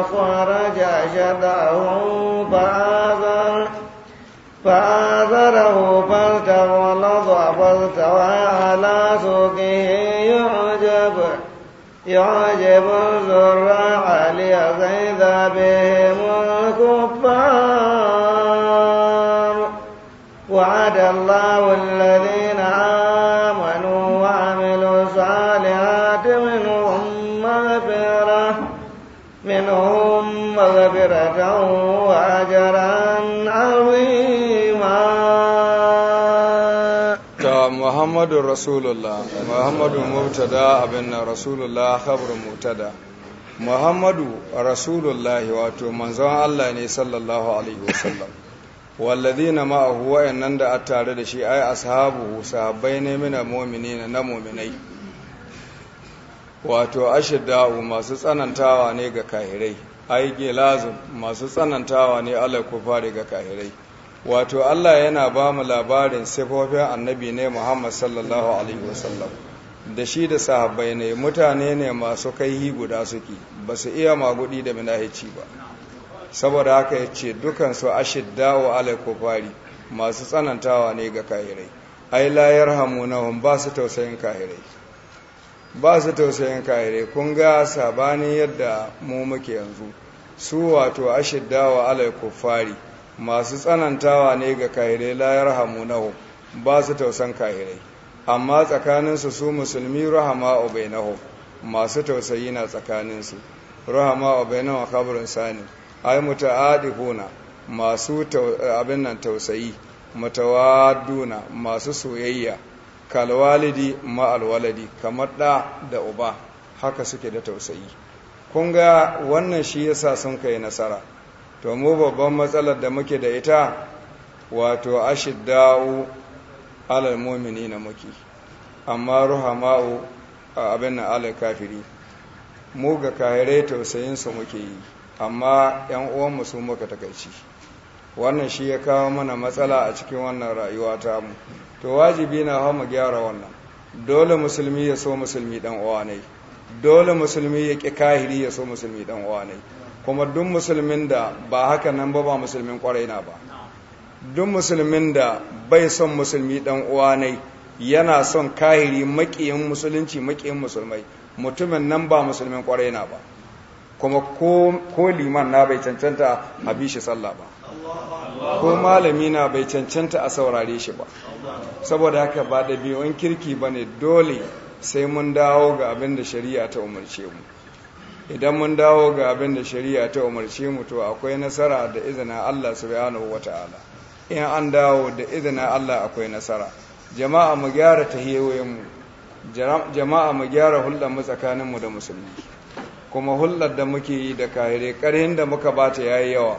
أخرج شطأه فآذر فآذره فاستغلظ فاستوى على سوقه يعجب يعجب الزراع ليغيظ بهم الكفار وعد الله الذين آمنوا وعملوا الصالحات منهم مغفرة منهم مغفرة وأجرا عظيما محمد رسول الله محمد مبتدا ابن رسول الله خبر مبتدا محمد رسول الله واتو منزon Allah صلى الله عليه وسلم na ma'ahu wayannan da a tare da shi ai ashabu sahabbai ne mina mu'minina na mu'minai wato ashidda'u masu tsanantawa ne ga kahirai ai gilazum masu tsanantawa ne ala kufari ga kahirai wato Allah yana ba mu labarin sifofin annabi ne Muhammad sallallahu alaihi wasallam da shi da sahabbai ne mutane ne masu kaihi guda suke ba su iya magudi da minahici ba saboda haka ya ce dukansu ashiddawo alal kufari masu tsanantawa ne ga kahirai ai la yarhamunahum ba su tausayin kahirai ba su tausayin kahirai kun ga sabanin yadda mu muke yanzu su wato ashiddawo alal kufari masu tsanantawa ne ga kahirai la yarhamunahum ba su tausan kahirai amma tsakaninsu su musulmi rahama obainahu masu tausayi na tsakaninsu rahama obainahu kabarin sani ai huna masu abin nan tausayi mutawaduna masu soyayya kalwalidi ma'alwaladi kamar ɗa da uba haka suke da tausayi kun ga wannan shi yasa sun kai nasara to mu babban matsalar da muke da ita wato ashidda'u alal mu'minina muke amma ruhama'u abin nan alal kafiri mu ga kahirai tausayinsu muke yi amma yan uwanmu su muka takaici wannan shi ya kawo mana matsala a cikin wannan rayuwa ta mu to wajibi na hau mu gyara wannan dole musulmi ya so musulmi dan uwa ne dole musulmi ya ƙi kahiri ya so musulmi dan uwa ne kuma duk musulmin da ba haka nan ba ba musulmin kwarai na ba duk musulmin da bai son musulmi dan uwa ne yana son kahiri maƙiyin musulunci maƙiyin musulmai mutumin nan ba musulmin kwarai na ba kuma ko liman na bai cancanta a bi shi sallah ba ko malami na bai cancanta a saurare shi ba saboda haka ba da biyan kirki ba ne dole sai mun dawo ga abin da shari'a ta umarce mu idan mun dawo ga abin da shari'a ta umarce mu to akwai nasara da izinin allah subhanahu wa ta'ala in an dawo da izinin allah akwai nasara jama'a mu gyara tahiyoyinmu jama'a mu gyara hulɗar mu tsakaninmu da musulmi kuma hullar da muke yi da kahire ƙarhin da muka ba ta yayi yawa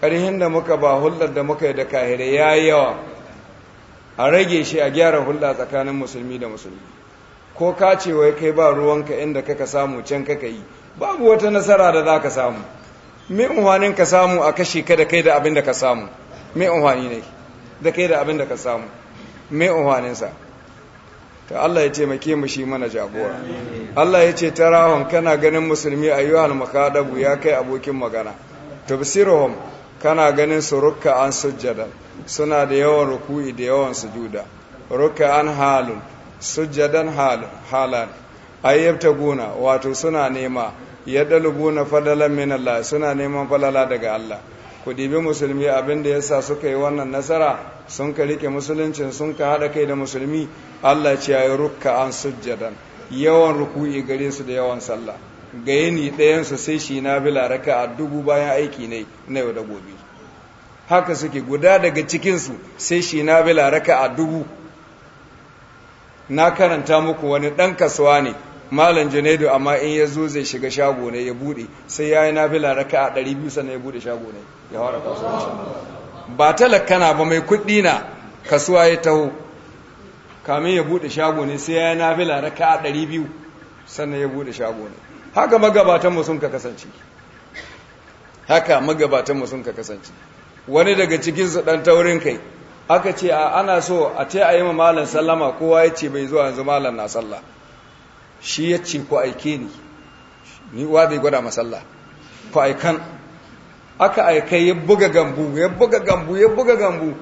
ƙarhin da muka ba hullar da muka yi da kahire ya yi yawa a rage shi a gyara hulla tsakanin musulmi da musulmi ko ka ce wai kai ba ruwanka inda kaka samu can kaka yi babu wata nasara da za ka samu me unhwanin ka samu a kashe ka da kai da abin da ka samu me unhwani ne da kai da abin da ka samu me unhwaninsa ka Allah ya taimake mu shi mana jagora Allah ya ce tarahum kana ganin musulmi ayyuhal makadabu ya kai abokin magana tubsiruhum kana ganin su rukka an sujjada suna da yawan ruku'i da yawan sujuda rukka an halun sujjadan halun halan ayyabta guna wato suna nema yadda lubuna fadalan min Allah suna neman falala daga Allah ku dibi musulmi abin da yasa suka yi wannan nasara sun ka rike musuluncin sun ka haɗa kai da musulmi Allah ce ya yi rukka an sujjadan yawan ruku'i gare su da yawan sallah ga yini ɗayansu sai shi na bila raka a dubu bayan aiki ne na yau da gobe haka suke guda daga cikinsu sai shi na bila raka a dubu na karanta muku wani ɗan kasuwa ne malam janedo amma in ya zo zai shiga shago ne ya bude sai ya yi nafila raka a 200 sannan ya bude shago ne ya da kasuwanci ba talakana ba mai kuɗi na kasuwa ya taho kamin ya bude shago ne sai ya yi nafila raka a 200 sannan ya bude shago ne haka magabatanmu sun ka kasance haka magabatanmu sun ka kasance wani daga cikinsu dan taurin kai aka ce ana so a ce a yi ma malam sallama kowa ya ce bai zuwa yanzu malam na sallah shi ya ce ku aike ni ni uwa bai gwada masalla ku aikan aka aika ya buga gambu ya buga gambu ya buga gambu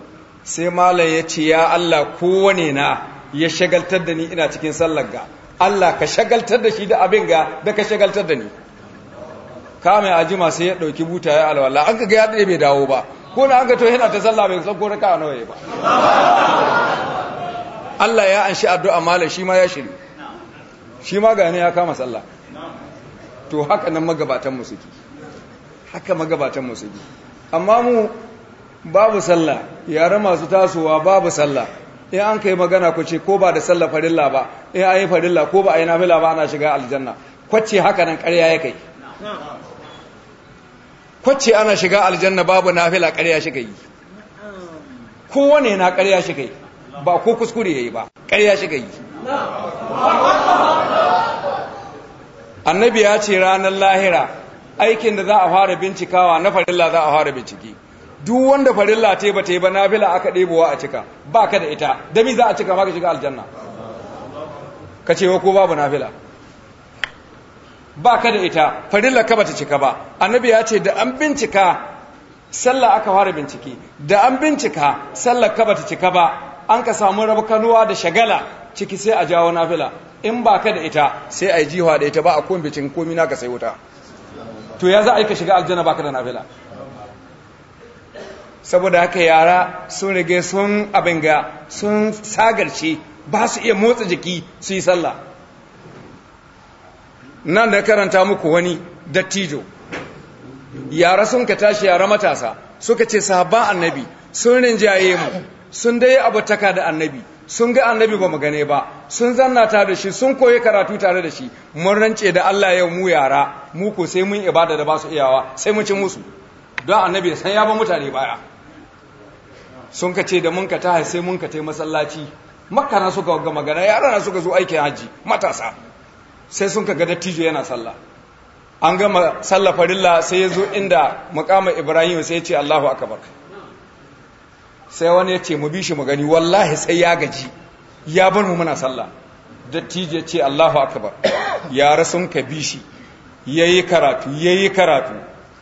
sai malam ya ce ya Allah kowane na ya shagaltar da ni ina cikin sallar ga Allah ka shagaltar da shi da abin ga da ka shagaltar da ni ka mai ajima sai ya ɗauki buta ya alwala an ka ga ya ɗaya bai dawo ba ko na an ka to yana ta sallah bai sauko raka a nawaye ba Allah ya anshi addu'a malam shi ma ya shiri shi ma gane ya kama sallah to haka nan magabatan mu haka magabatan mu amma mu babu sallah yare masu tasowa babu sallah in an kai magana ku ce ko ba da sallah farilla ba in an yi farilla ko ba a yi nafila ba ana shiga aljanna kwacce haka nan ƙarya ya kai kwacce ana shiga aljanna babu nafila ƙarya shi kai kowane na ƙarya shi kai ba ko kuskure ya yi ba ƙarya shi kai annabi ya ce ranar lahira aikin da za a fara bincikawa na farilla za a fara binciki duk wanda farilla ta ba ta yi ba nafila aka ɗebowa a cika ba ka da ita dami za a cika maka shiga aljanna ka ce wa ko babu nafila ba ka da ita farilla ka bata cika ba annabi ya ce da an bincika sallah aka fara binciki. da an bincika sallah ka bata cika ba an ka samu rabkanuwa da shagala ciki sai a jawo nafila in ba ka da ita sai a yi jiwa da ita ba a komi cikin komi na ka sai wuta to ya za a yi ka shiga aljanna ba ka da nafila saboda haka yara sun rage sun abin ga sun sagarce ba su iya motsa jiki su yi sallah nan da karanta muku wani dattijo yara sun ka tashi yara matasa suka ce sahabban annabi sun rinjaye mu sun dai abataka da annabi sun ga annabi ba magane ba sun zanna da shi sun koyi karatu tare da shi mun rance da Allah yau mu yara mu ko sai mun ibada da ba su iyawa sai mun ci musu don annabi san ya ba mutane baya sun ka ce da mun ka tahi sai mun ka tai masallaci makka suka ga magana yara na suka zo aikin haji matasa sai sun ka ga dattijo yana sallah an gama sallah farilla sai ya zo inda muqama ibrahim sai ya ce Allahu akbar sai wani ya ce mu bi shi mu gani wallahi sai ya gaji ya bar mu muna sallah dattijo ce Allahu akbar yara sun ka bi shi yayi karatu yayi karatu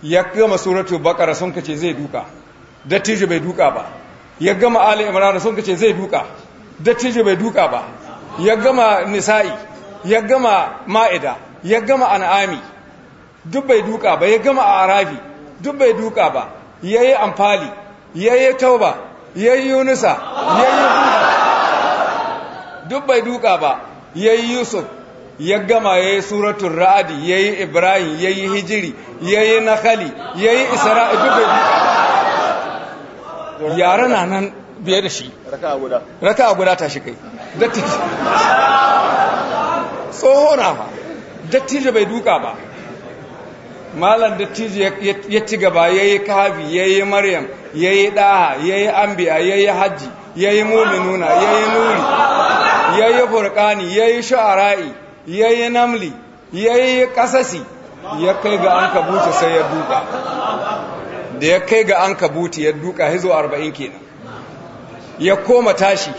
ya gama suratul baqara sun ka ce zai duka dattijo bai duka ba ya gama ali imran sun ka ce zai duka dattijo bai duka ba ya gama nisa'i ya gama ma'ida ya gama an'ami duk bai duka ba ya gama arafi duk bai duka ba yayi amfali yayi tauba yayi yunusa yayi duk bai duka ba yayi yusuf ya gama yayi suratul ra'adi yayi ibrahim yayi hijiri yayi nakhali yayi isra'i duk bai duka yara na nan biye da shi raka guda guda ta shi kai datti tsoho na fa dattijo bai duka ba malam dattijo ya ci gaba ya yi kahafi ya yi maryam ya yi ɗaha ya yi ambiya ya yi hajji ya yi muminuna ya yi nuri ya yi furkani ya yi sha'ara'i ya yi namli ya yi kasasi ya kai ga an kabuta sai ya duka da ya kai ga an kabuta ya duka hizo arba'in kenan ya koma tashi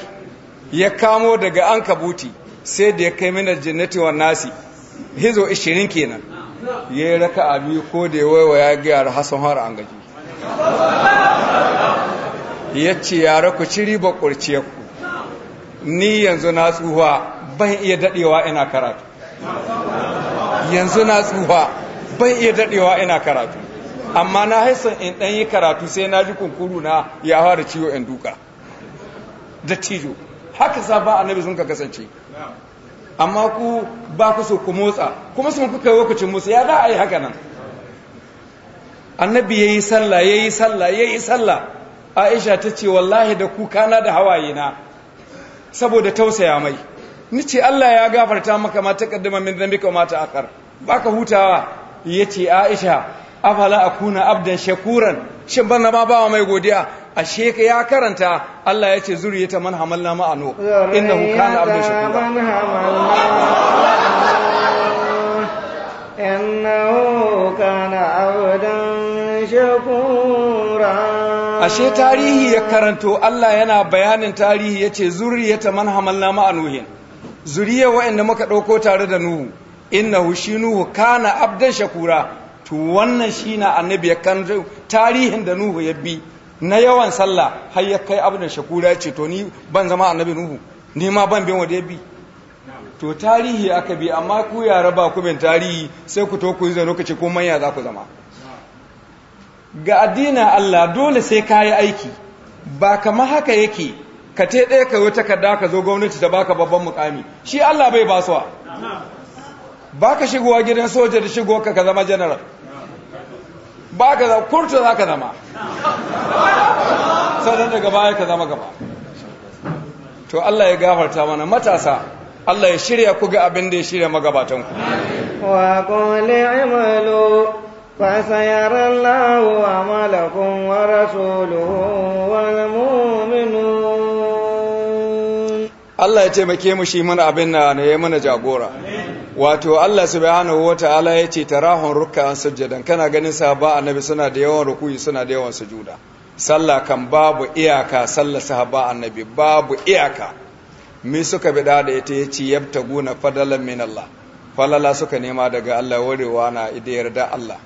ya kamo daga an kabuta sai da ya kai minar jannatin wa nasi hizo ishirin kenan ya yi raka a biyu ko da ya waiwaya giyar hasan har an gaji ya ce yara ku ci riba ku ni yanzu na tsuhuwa ban iya daɗewa ina karatu yanzu na tsuhuwa ban iya daɗewa ina karatu amma na haisa in ɗan yi karatu sai na ji kunkuru na ya fara ciwo in duka da tijo haka za ba annabi sun ka kasance amma ku ba ku so ku motsa kuma sun kuka lokacin musu ya za a yi haka nan annabi ya yi sallah ya yi sallah ya yi sallah aisha ta ce wallahi da kuka na da hawaye na saboda tausaya mai ni ce allah ya gafarta maka ma ta kaddama min zambi ka mata akar ka hutawa ya ce aisha afala kuna abdan shakuran shin ban ma bawa mai godiya ashe sheka ya karanta Allah ya ce zuriyata man hamalna ma anu innahu kana abdu shakura innahu kana abdan shakura ashe tarihi ya karanto Allah yana bayanin tarihi yace zuriyata man hamalna ma anuhin zuriya wa'anda muka dauko tare da nuhu innahu shi kana abdan shakura to wannan shi na annabi ya kan tarihin da nuhu ya bi na yawan sallah har ya kai abin da shakura ce to ni ban zama annabi nuhu ni ma ban bin da ya bi to tarihi aka bi amma ku yara ba ku bin tarihi sai ku to ku yi zai lokaci ko manya za ku zama ga addinin Allah dole sai ka yi aiki ba kama haka yake ka te ɗaya ka yi takarda ka zo gwamnati ta baka babban mukami shi Allah bai basuwa ba ka shigowa gidan soja da shigowa ka zama general ba ka zama kurta za ka zama sannan daga baya ka zama gaba to Allah ya gafarta mana matasa Allah ya shirya ku ga abin da ya shirya magabatan ku. wa qali amalu fa sayara Allahu amalakum wa rasuluhu wa mu'minun Allah ya taimake mu shi mana abin da ya mana jagora wato Allah subhanahu wataala ya ce tarahun ruk'an sujjadan kana ganin sahaba annabi suna da yawan rukuyi suna da yawan sujuda sallah kan babu iyaka sallah sahaba annabi babu iyaka mi suka bi da ita yace yabtaguna fadalan min Allah falala suka nema daga Allah warewa na ida yarda Allah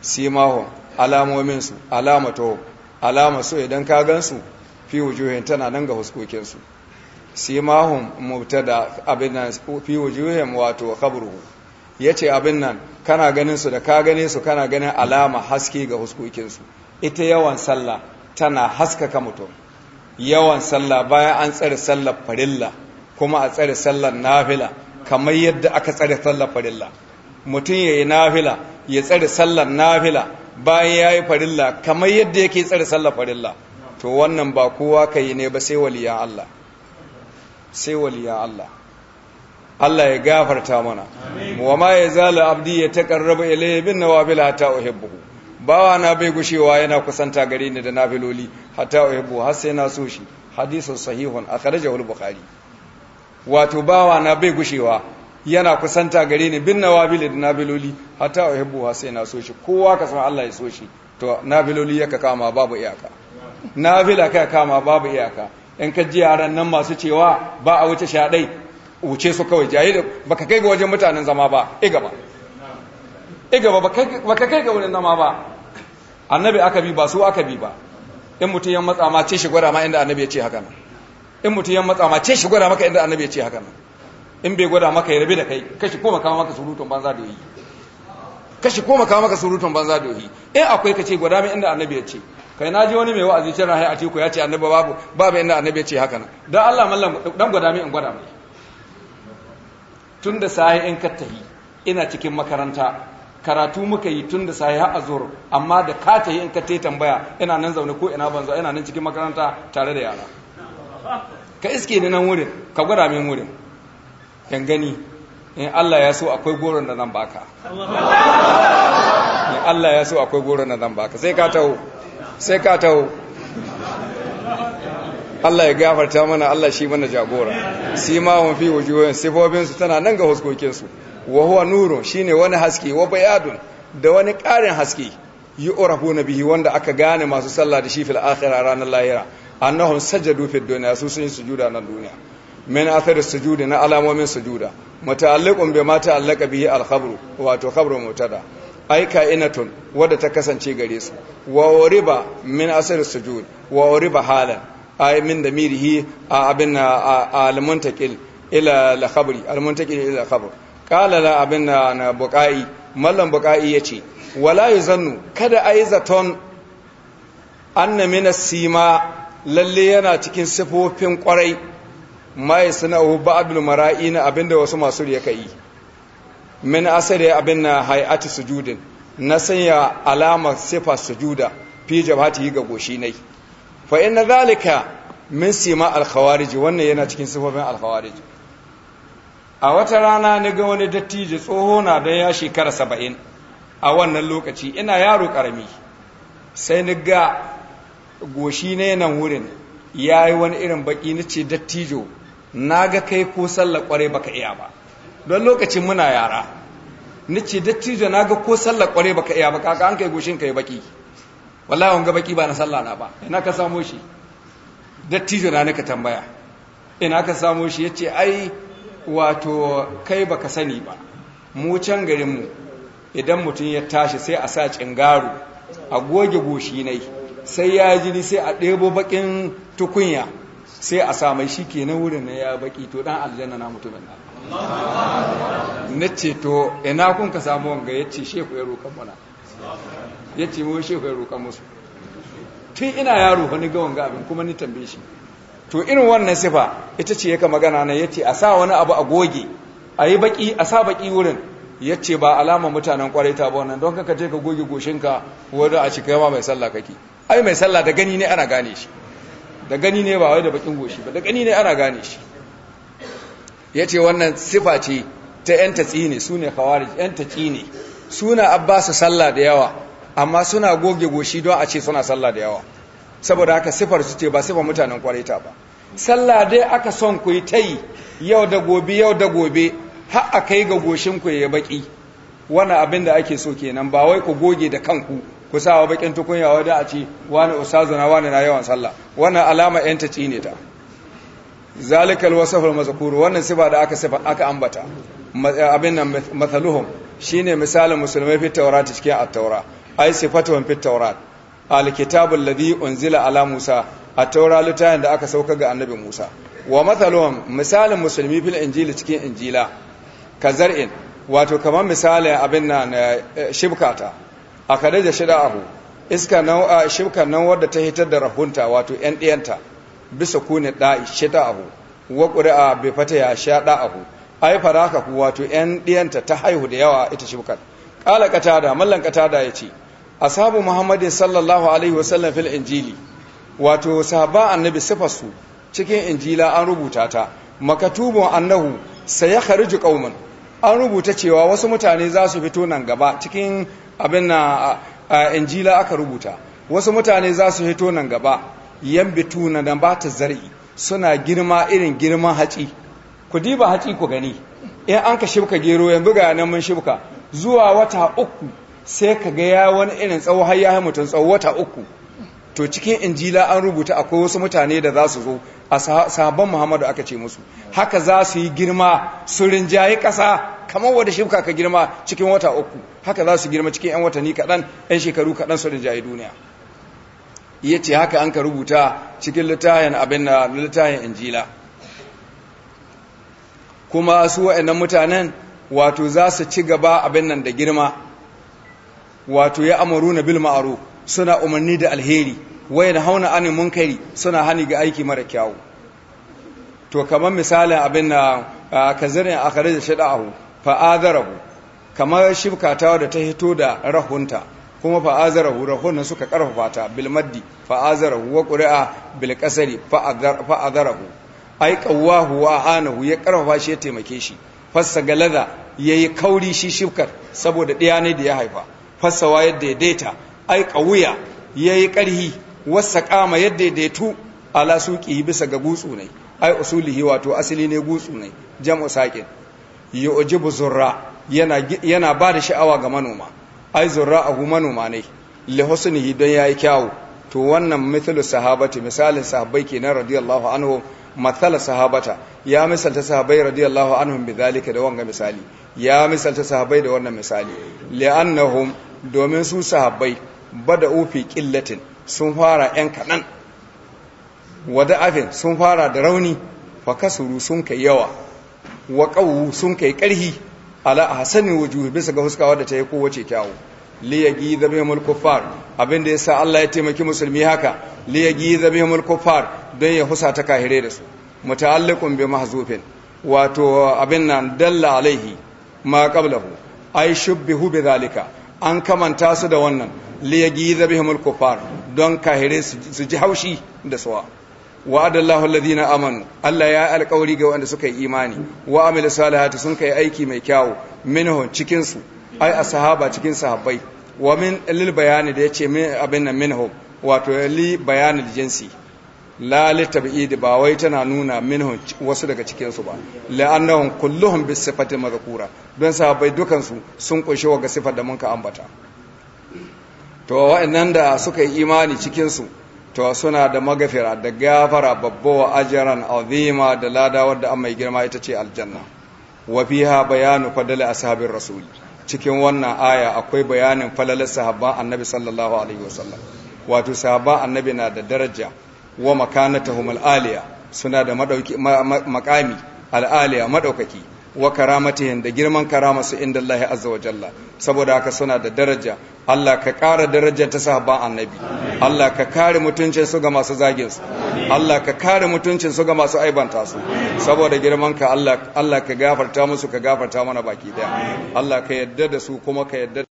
simahu alamomin su alamato alama su idan ka gansu fi wujuhin tana nan ga huskokin su simahum mubtada abin nan fi wujuhim wato ya yace abin nan kana ganin su da ka gane su kana ganin alama haske ga huskokin ita yawan sallah tana haskaka mutum yawan sallah bayan an tsare sallar farilla kuma a tsare sallar nafila kamar yadda aka tsare sallar farilla mutum yayi nafila ya tsare sallar nafila bayan yayi farilla kamar yadda yake tsare sallar farilla to wannan ba kowa kai ne ba sai waliyan Allah sai waliya Allah Allah ya gafarta mana wa ma ya zala abdi ya taqarraba ilayya bin nawafil hatta uhibbu bawa na bai gushewa yana kusanta gare ni da nafiloli hatta uhibbu har sai na so shi hadisun sahihun akhrajahu al-bukhari wato bawa na bai gushewa yana kusanta gare ni bin wabila da nafiloli hatta uhibbu har sai na so shi kowa ka san Allah ya so shi to nafiloli yaka kama babu iyaka nafila ka kama babu iyaka in ka ji yaran nan masu cewa ba a wuce shaɗai wuce su kawai jayi da ka kai ga wajen mutanen zama ba igaba igaba ka kai ga wurin zama ba annabi aka bi ba su aka bi ba in mutum yan matsa ma ce shi gwada ma inda annabi ya ce haka nan in mutum yan matsa ma ce shi gwada maka inda annabi ya ce haka nan in bai gwada maka ya rabe da kai kashi koma kawo maka surutun banza da yi kashi koma kawo maka surutun banza da yi in akwai ka ce gwada min inda annabi ya ce kai na ji wani mai wa'azi cewa hai a ya ce annabi babu babu inda annabi ya ce haka nan dan Allah mallam dan gwada mai in gwada mai tunda sai in kattahi ina cikin makaranta karatu muka yi tunda sai har azur amma da ka tahi in ka tai tambaya ina nan zaune ko ina banza ina nan cikin makaranta tare da yara ka iske ni nan wurin ka gwada min wurin yan gani in Allah ya so akwai goron da zan baka in Allah ya so akwai goron da zan baka sai ka taho sai ka taho Allah ya gafarta mana Allah shi mana jagora sima mun fi wujuhin sifofinsu tana nan ga su wa huwa nuru shine wani haske wa bayadun da wani ƙarin haske yi urafu na bihi wanda aka gane masu sallah da shi fil akhirah ranar lahira annahum sajadu fid dunya su sun sujuda nan duniya min athar sujudi na alamomin sujuda muta'alliqun bima ta'allaqa bihi al-khabru wato khabru mutada ai ka'inatun wadda ta kasance gare su wa riba min asar sujud wa riba halan ai min da mirihi a abin al-muntaqil ila al-khabri al-muntaqil ila al-khabr qala la abin na buqai mallam buqai yace wala yuzannu kada ai zaton anna min sima lalle yana cikin sifofin kwarai mai sana'u ba'dul mara'ina abinda wasu masu riya kai min asali abin na hay'ati sujudin na sanya alamar sifa sujuda fi jabhati ga goshi nai fa inna zalika min sima al-khawarij wannan yana cikin sifofin al-khawarij a wata rana ni ga wani dattijo tsoho na da ya shekara saba'in a wannan lokaci ina yaro karami sai ni ga goshi ne nan wurin ya wani irin baki ni ce dattijo na ga kai ko sallar kwarai baka iya ba don lokacin muna yara ni ce dattijo na ga ko sallar kware baka iya baka ka an kai goshin kai baki wallahi wanga baki ba na sallah na ba ina ka samo shi dattijo na naka tambaya ina ka samo shi yace ai wato kai baka sani ba mu can garin mu idan mutum ya tashi sai a sa cingaro a goge goshi nai sai ya jini sai a ɗebo bakin tukunya sai a samai shi ke na wurin na ya baki to dan aljanna na mutumin na na ce to ina kun ka samu wanga ya ce sheku ya roƙon mana ya ce mu sheku ya roƙon musu tun ina yaro wani ga wanga abin kuma ni tambaye shi to irin wannan sifa ita ce yaka magana na ya ce a sa wani abu a goge a yi baki a sa baki wurin ya ce ba alama mutanen kwarai ta ba wannan don ka je ka goge goshinka wadda a cikin yawa mai sallah kake ai mai sallah da gani ne ana gane shi da gani ne ba wai da bakin goshi ba da gani ne ana gane shi ya ce wannan sifa ce ta 'yan ta ne su ne khawarij 'yan ta ne suna su sallah da yawa amma suna goge goshi don a ce suna sallah da yawa saboda haka sifar su ce ba sifar mutanen kwareta ba sallah dai aka son ku yi ta yi yau da gobe yau da gobe har a kai ga goshin ku ya baki wannan abin da ake so kenan ba wai ku goge da kanku ku sa wa bakin tukunya wadda a ce wani usazu na wani na yawan sallah wannan alama yanta ci ne ta zalikal wasaful mazkur wannan sifa da aka sifa aka ambata abin nan mathaluhum shine misalin musulmai fi tawrat cikin at-taura ai sifatuhum fi tawrat al-kitabu alladhi unzila ala musa at-taura litayin da aka sauka ga annabi musa wa mathaluhum misalin musulmi fil injili cikin injila kazar'in wato kamar misalin abin nan eh, eh, shibkata a kare da shida ahu iska nan a shibkan nan wadda ta hitar da rahunta wato yan ɗiyanta bisa kunin ɗa'i shida wa ƙuri'a bai fata ya sha ɗa'ahu ai faraka ku wato yan ɗiyanta ta haihu da yawa ita shibkan ƙala katada mallan katada ya ce ashabu muhammadin sallallahu alaihi wasallam fil injili wato sahaba annabi sifarsu cikin injila an rubuta ta makatubun annahu sai ya kharju qauman an rubuta cewa wasu mutane za su fito nan gaba cikin abin na a injila aka rubuta wasu mutane za su hito nan gaba yan bitu na nan ba ta zari suna girma irin girman haci ku diba haci ku gani in an ka shibka gero yanzu ga nan mun shibka zuwa wata uku sai ka ga ya wani irin tsawo har ya mutum tsawo wata uku to cikin injila an rubuta akwai wasu mutane da za su zo a sabon muhammadu aka ce musu haka za su yi girma su rinjaye ƙasa kamar wadda shi ka girma cikin wata uku haka za su girma cikin 'yan watanni kaɗan 'yan shekaru kaɗan su rinjaye duniya iya ce haka an ka rubuta cikin littayen abin na littayen injila kuma su wa'annan mutanen wato za su ci gaba abin nan da girma wato ya amaru na bil ma'aru suna umarni da alheri wayan hauna anin munkari suna hani ga aiki mara kyawu to kamar misalin abin na kazirin akare da shada'ahu fa'azarahu kamar shifkatawa da ta hito da rahunta kuma fa'azarahu rahunan suka karfafa ta bil maddi fa'azarahu wa qur'a bil fa'azarahu ai qawahu wa anahu ya karfafa shi ya taimake shi fassa galada yayi kauri shi shifkar saboda ɗaya da ya haifa fassawa ya daidaita ai ya yayi ƙarhi. wasa kama yadda daidaitu ala suki bisa ga gutsu ne ai usulihi wato asali ne gutsu ne jam'u saqin yu'jibu zurra yana yana ba da sha'awa ga manoma ai zurra ahu manoma ne li husnihi don yayi kyawu to wannan mithlu sahabati misalin sahabbai kenan radiyallahu anhu mathala sahabata ya misalta sahabbai radiyallahu anhum bidhalika da wanga misali ya misalta sahabbai da wannan misali li'annahum domin su sahabbai bada ufi qillatin sun fara ‘yan kaɗan wadda afin sun fara da rauni fakasuru sun kai yawa wa ƙawu sun kai ƙarhi ala a hasanin wujuhu bisa ga huskawa da ta yi kowace kyawu liyagi zabe mulkufar abin da ya sa Allah ya taimaki musulmi haka liyagi zabe mulkufar don ya husa ta kahire da su muta'alliqun bi mahzufin wato abin nan dalla alaihi ma qablahu ay shubbihu bi zalika an kamanta su da wannan liyagi zabe mulkufar don kahire su ji haushi da sawa wa'adallahu alladhina amanu Allah ya alƙawari ga wanda suka yi imani wa amila salihati sun kai aiki mai kyawu minhu cikin su ai ashaba cikin sahabbai wa min lil bayani da yace min abin nan minhu wato li bayanil jinsi la li tab'id ba wai tana nuna minhu wasu daga cikin su ba annahum kulluhum bis sifati kura don sahabbai dukan su sun kunshi wa ga sifar da mun ka ambata to waɗannan da suka yi imani cikinsu to suna da magafira da gafara babbar wa ajiran azima da lada wadda an mai girma ita ce aljanna wa fiha bayanu fadala sahabin rasul cikin wannan aya akwai bayanin falalar sahabban annabi sallallahu alaihi wasallam wato sahabban annabi na da daraja wa makanatahum alaliya suna da makami al'aliya madaukaki wa karamatihin da girman karama su inda Allah ya wa jalla saboda haka suna da daraja Allah ka ƙara darajar ta ba annabi Allah ka kare mutuncin su ga masu zagin su Allah ka kare mutuncin su ga masu aibanta su saboda girman ka Allah Allah ka gafarta musu ka gafarta mana baki daya Allah ka yadda da su kuma ka yadda